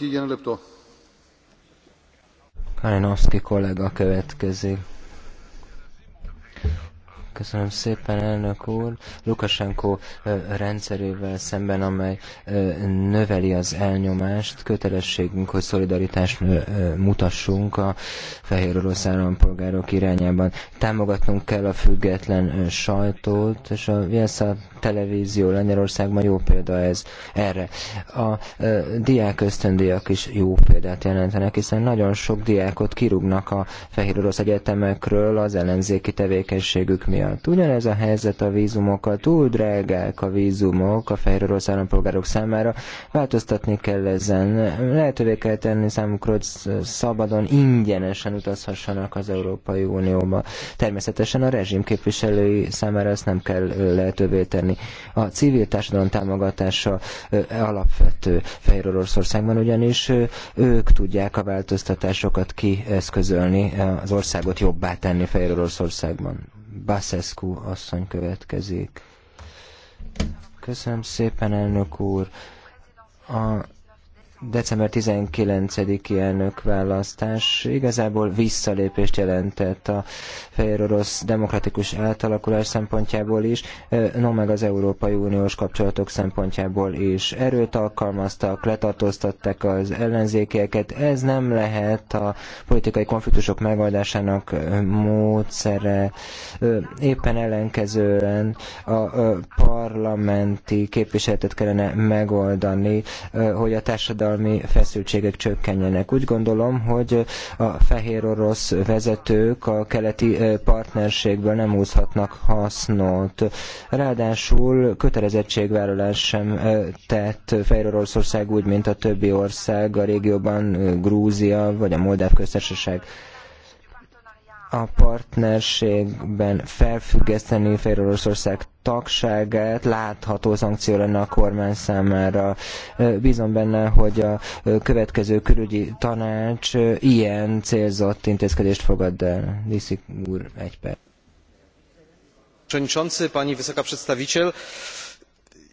Kalinowski kollega következik. Köszönöm szépen, elnök úr. Lukasenko rendszerével szemben, amely növeli az elnyomást, kötelességünk, hogy szolidaritást mutassunk a fehér orosz állampolgárok irányában. Támogatnunk kell a független sajtót, és a Viasza televízió Lengyelországban jó példa ez erre. A diák ösztöndíjak is jó példát jelentenek, hiszen nagyon sok diákot kirúgnak a fehér orosz egyetemekről az ellenzéki tevékenységük miatt miatt. Ugyanez a helyzet a vízumokkal, túl drágák a vízumok a fehér orosz állampolgárok számára, változtatni kell ezen. Lehetővé kell tenni számukra, hogy szabadon, ingyenesen utazhassanak az Európai Unióba. Természetesen a rezsim képviselői számára ezt nem kell lehetővé tenni. A civil társadalom támogatása alapvető Fehér Oroszországban, ugyanis ők tudják a változtatásokat kieszközölni, az országot jobbá tenni Fehér Oroszországban. Basescu asszony következik. Köszönöm szépen, elnök úr. A december 19-i elnökválasztás igazából visszalépést jelentett a fehér orosz demokratikus átalakulás szempontjából is, no meg az Európai Uniós kapcsolatok szempontjából is. Erőt alkalmaztak, letartóztatták az ellenzékeket. ez nem lehet a politikai konfliktusok megoldásának módszere. Éppen ellenkezően a parlamenti képviseletet kellene megoldani, hogy a társadalmi társadalmi feszültségek csökkenjenek. Úgy gondolom, hogy a fehér orosz vezetők a keleti partnerségből nem húzhatnak hasznot. Ráadásul kötelezettségvállalás sem tett Fehér Oroszország úgy, mint a többi ország a régióban, Grúzia vagy a Moldáv köztársaság a partnerségben felfüggeszteni Féloroszország tagságát, látható szankció lenne a kormány számára. Bízom benne, hogy a következő külügyi tanács ilyen célzott intézkedést fogad el. Diszik úr, egy perc. Przewodniczący, pani wysoka przedstawiciel,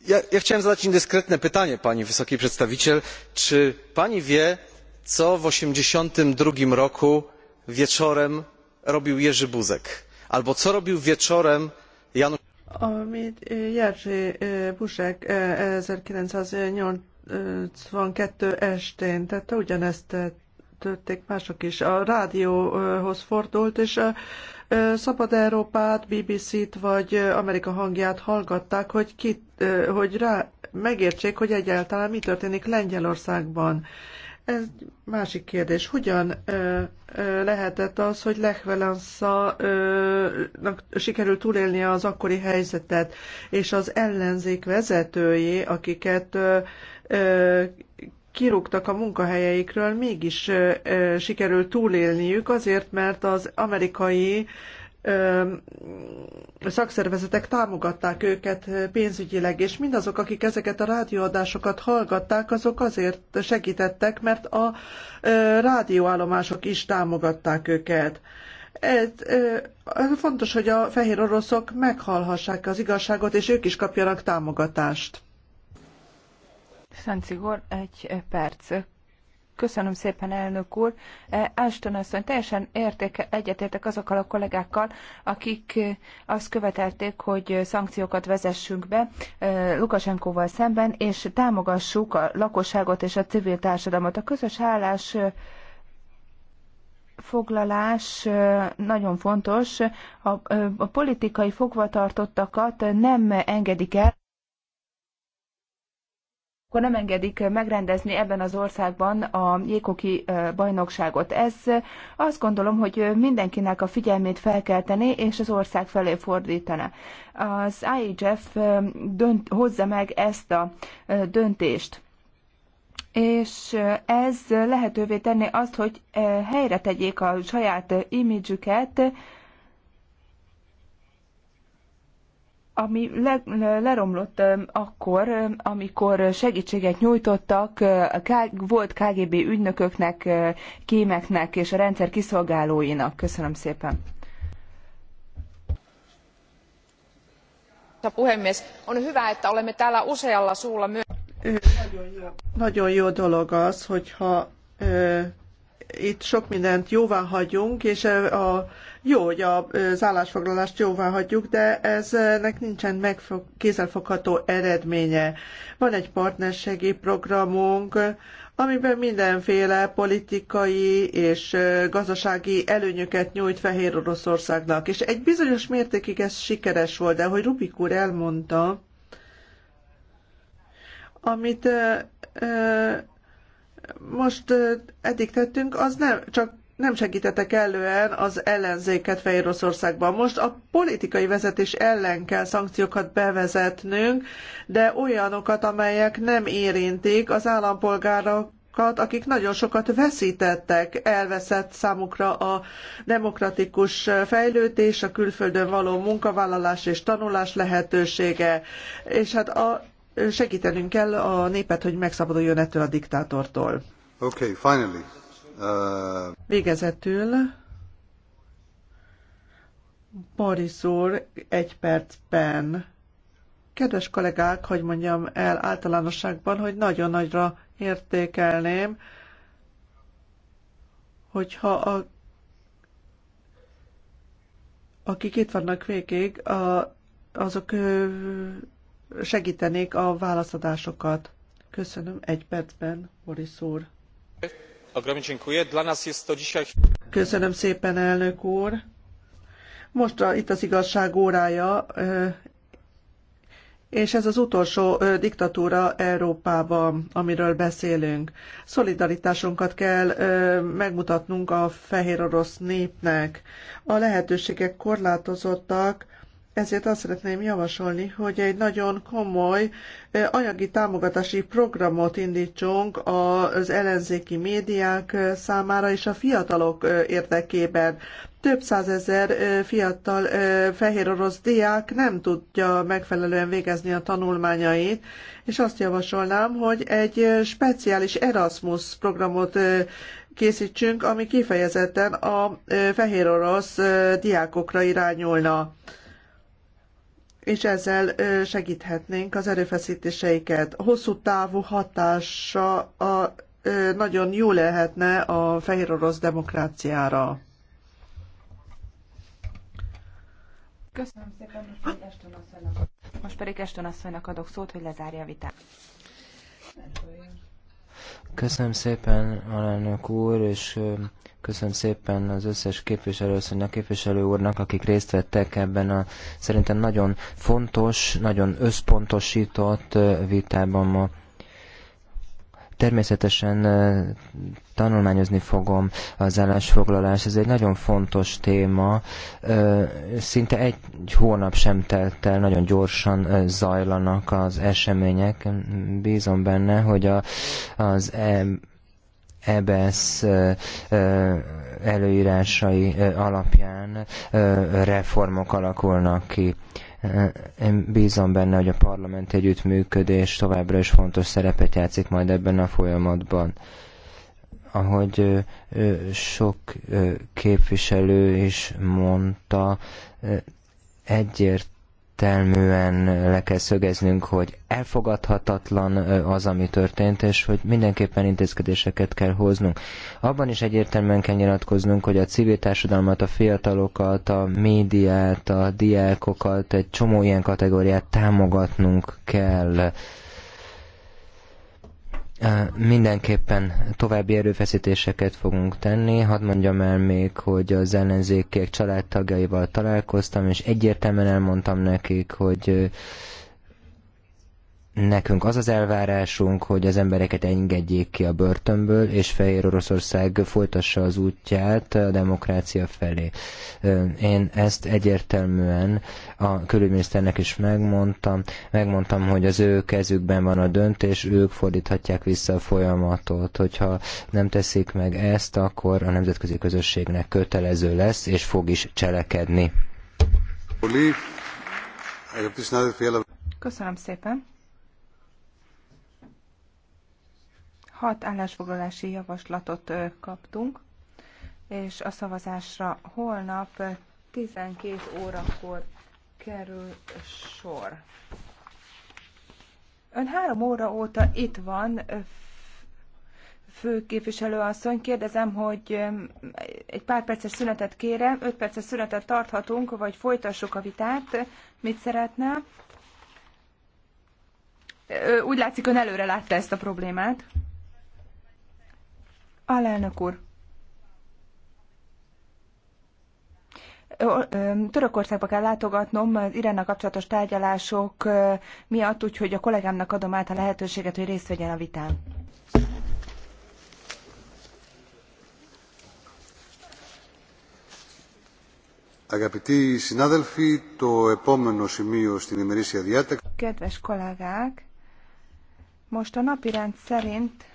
ja, ja chciałem zadać indyskretne pytanie pani wysokiej przedstawiciel. Czy pani wie, co w 1982 roku wieczorem robił jerzy buzek albo co robił wieczorem janusz amit Jerzy Buzsek 1982 estén tette, ugyanezt e, tették mások is. A rádióhoz fordult, és a e, e, Szabad Európát, BBC-t vagy Amerika hangját hallgatták, hogy, ki, hogy rá, megértsék, hogy egyáltalán mi történik Lengyelországban ez másik kérdés. Hogyan ö, ö, lehetett az, hogy Lech Valensa sikerült túlélnie az akkori helyzetet, és az ellenzék vezetőjé, akiket ö, ö, kirúgtak a munkahelyeikről, mégis ö, ö, sikerült túlélniük azért, mert az amerikai szakszervezetek támogatták őket pénzügyileg, és mindazok, akik ezeket a rádióadásokat hallgatták, azok azért segítettek, mert a rádióállomások is támogatták őket. Ez, fontos, hogy a fehér oroszok meghallhassák az igazságot, és ők is kapjanak támogatást. Szent Szigor, egy perc. Köszönöm szépen, elnök úr. Eh, Ashton asszony, teljesen értéke, egyetértek azokkal a kollégákkal, akik eh, azt követelték, hogy szankciókat vezessünk be eh, Lukasenkóval szemben, és támogassuk a lakosságot és a civil társadalmat. A közös állás foglalás nagyon fontos. A, a politikai fogvatartottakat nem engedik el akkor nem engedik megrendezni ebben az országban a jékoki bajnokságot. Ez azt gondolom, hogy mindenkinek a figyelmét felkelteni, és az ország felé fordítana. Az IHF dönt, hozza meg ezt a döntést és ez lehetővé tenni azt, hogy helyre tegyék a saját imidzsüket, ami le, leromlott akkor, amikor segítséget nyújtottak volt KGB ügynököknek, kémeknek és a rendszer kiszolgálóinak. Köszönöm szépen. puhemies on hyvä että olemme täällä usealla suulla nagyon jó dolog az hogyha ö, itt sok mindent jóvá hagyunk, és a, jó, hogy az állásfoglalást jóvá hagyjuk, de eznek nincsen megfog, kézzelfogható eredménye. Van egy partnerségi programunk, amiben mindenféle politikai és gazdasági előnyöket nyújt Fehér Oroszországnak. És egy bizonyos mértékig ez sikeres volt, de hogy Rubik úr elmondta, amit ö, most eddig tettünk, az nem csak nem segítettek elően az ellenzéket Fehér Oroszországban. Most a politikai vezetés ellen kell szankciókat bevezetnünk, de olyanokat, amelyek nem érintik az állampolgárok akik nagyon sokat veszítettek, elveszett számukra a demokratikus fejlődés, a külföldön való munkavállalás és tanulás lehetősége. És hát a segítenünk kell a népet, hogy megszabaduljon ettől a diktátortól. Okay, finally. Uh... Végezetül Boris úr egy percben. Kedves kollégák, hogy mondjam el általánosságban, hogy nagyon nagyra értékelném, hogyha a, akik itt vannak végig, a, azok segítenék a válaszadásokat. Köszönöm egy percben, Boris úr. Köszönöm szépen, elnök úr. Most a, itt az igazság órája, és ez az utolsó diktatúra Európában, amiről beszélünk. Szolidaritásunkat kell megmutatnunk a fehér orosz népnek. A lehetőségek korlátozottak, ezért azt szeretném javasolni, hogy egy nagyon komoly eh, anyagi támogatási programot indítsunk az ellenzéki médiák eh, számára és a fiatalok eh, érdekében. Több százezer fiatal fehér orosz diák nem tudja megfelelően végezni a tanulmányait, és azt javasolnám, hogy egy speciális Erasmus programot készítsünk, ami kifejezetten a fehér orosz diákokra irányulna és ezzel segíthetnénk az erőfeszítéseiket. Hosszú távú hatása a, nagyon jó lehetne a fehér orosz demokráciára. Köszönöm szépen, most pedig Eston asszonynak, most pedig Eston asszonynak adok szót, hogy lezárja a vitát. Köszönöm szépen, alelnök úr, és Köszönöm szépen az összes képviselőasszonynak, képviselő úrnak, akik részt vettek ebben a szerintem nagyon fontos, nagyon összpontosított vitában ma. Természetesen tanulmányozni fogom az állásfoglalás. Ez egy nagyon fontos téma. Szinte egy hónap sem telt el, nagyon gyorsan zajlanak az események. Bízom benne, hogy a, az e EBSZ előírásai alapján reformok alakulnak ki. Én bízom benne, hogy a parlament együttműködés továbbra is fontos szerepet játszik majd ebben a folyamatban. Ahogy sok képviselő is mondta, egyért egyértelműen le kell szögeznünk, hogy elfogadhatatlan az, ami történt, és hogy mindenképpen intézkedéseket kell hoznunk. Abban is egyértelműen kell nyilatkoznunk, hogy a civil társadalmat, a fiatalokat, a médiát, a diákokat, egy csomó ilyen kategóriát támogatnunk kell. Mindenképpen további erőfeszítéseket fogunk tenni. Hadd mondjam el még, hogy az ellenzékiek családtagjaival találkoztam, és egyértelműen elmondtam nekik, hogy Nekünk az az elvárásunk, hogy az embereket engedjék ki a börtönből, és Fehér Oroszország folytassa az útját a demokrácia felé. Én ezt egyértelműen a külügyminiszternek is megmondtam. Megmondtam, hogy az ő kezükben van a döntés, ők fordíthatják vissza a folyamatot. Hogyha nem teszik meg ezt, akkor a nemzetközi közösségnek kötelező lesz, és fog is cselekedni. Köszönöm szépen. Hat állásfoglalási javaslatot kaptunk, és a szavazásra holnap 12 órakor kerül sor. Ön három óra óta itt van, főképviselő asszony, kérdezem, hogy egy pár perces szünetet kérem, öt perces szünetet tarthatunk, vagy folytassuk a vitát, mit szeretne. Úgy látszik, ön előre látta ezt a problémát. Alelnök úr, Törökországba kell látogatnom az kapcsolatos tárgyalások miatt, úgyhogy a kollégámnak adom át a lehetőséget, hogy részt vegyen a vitán. Αγαπητοί συνάδελφοι, το επόμενο σημείο στην ημερήσια διάταξη. Kedves kollégák, most a napirend szerint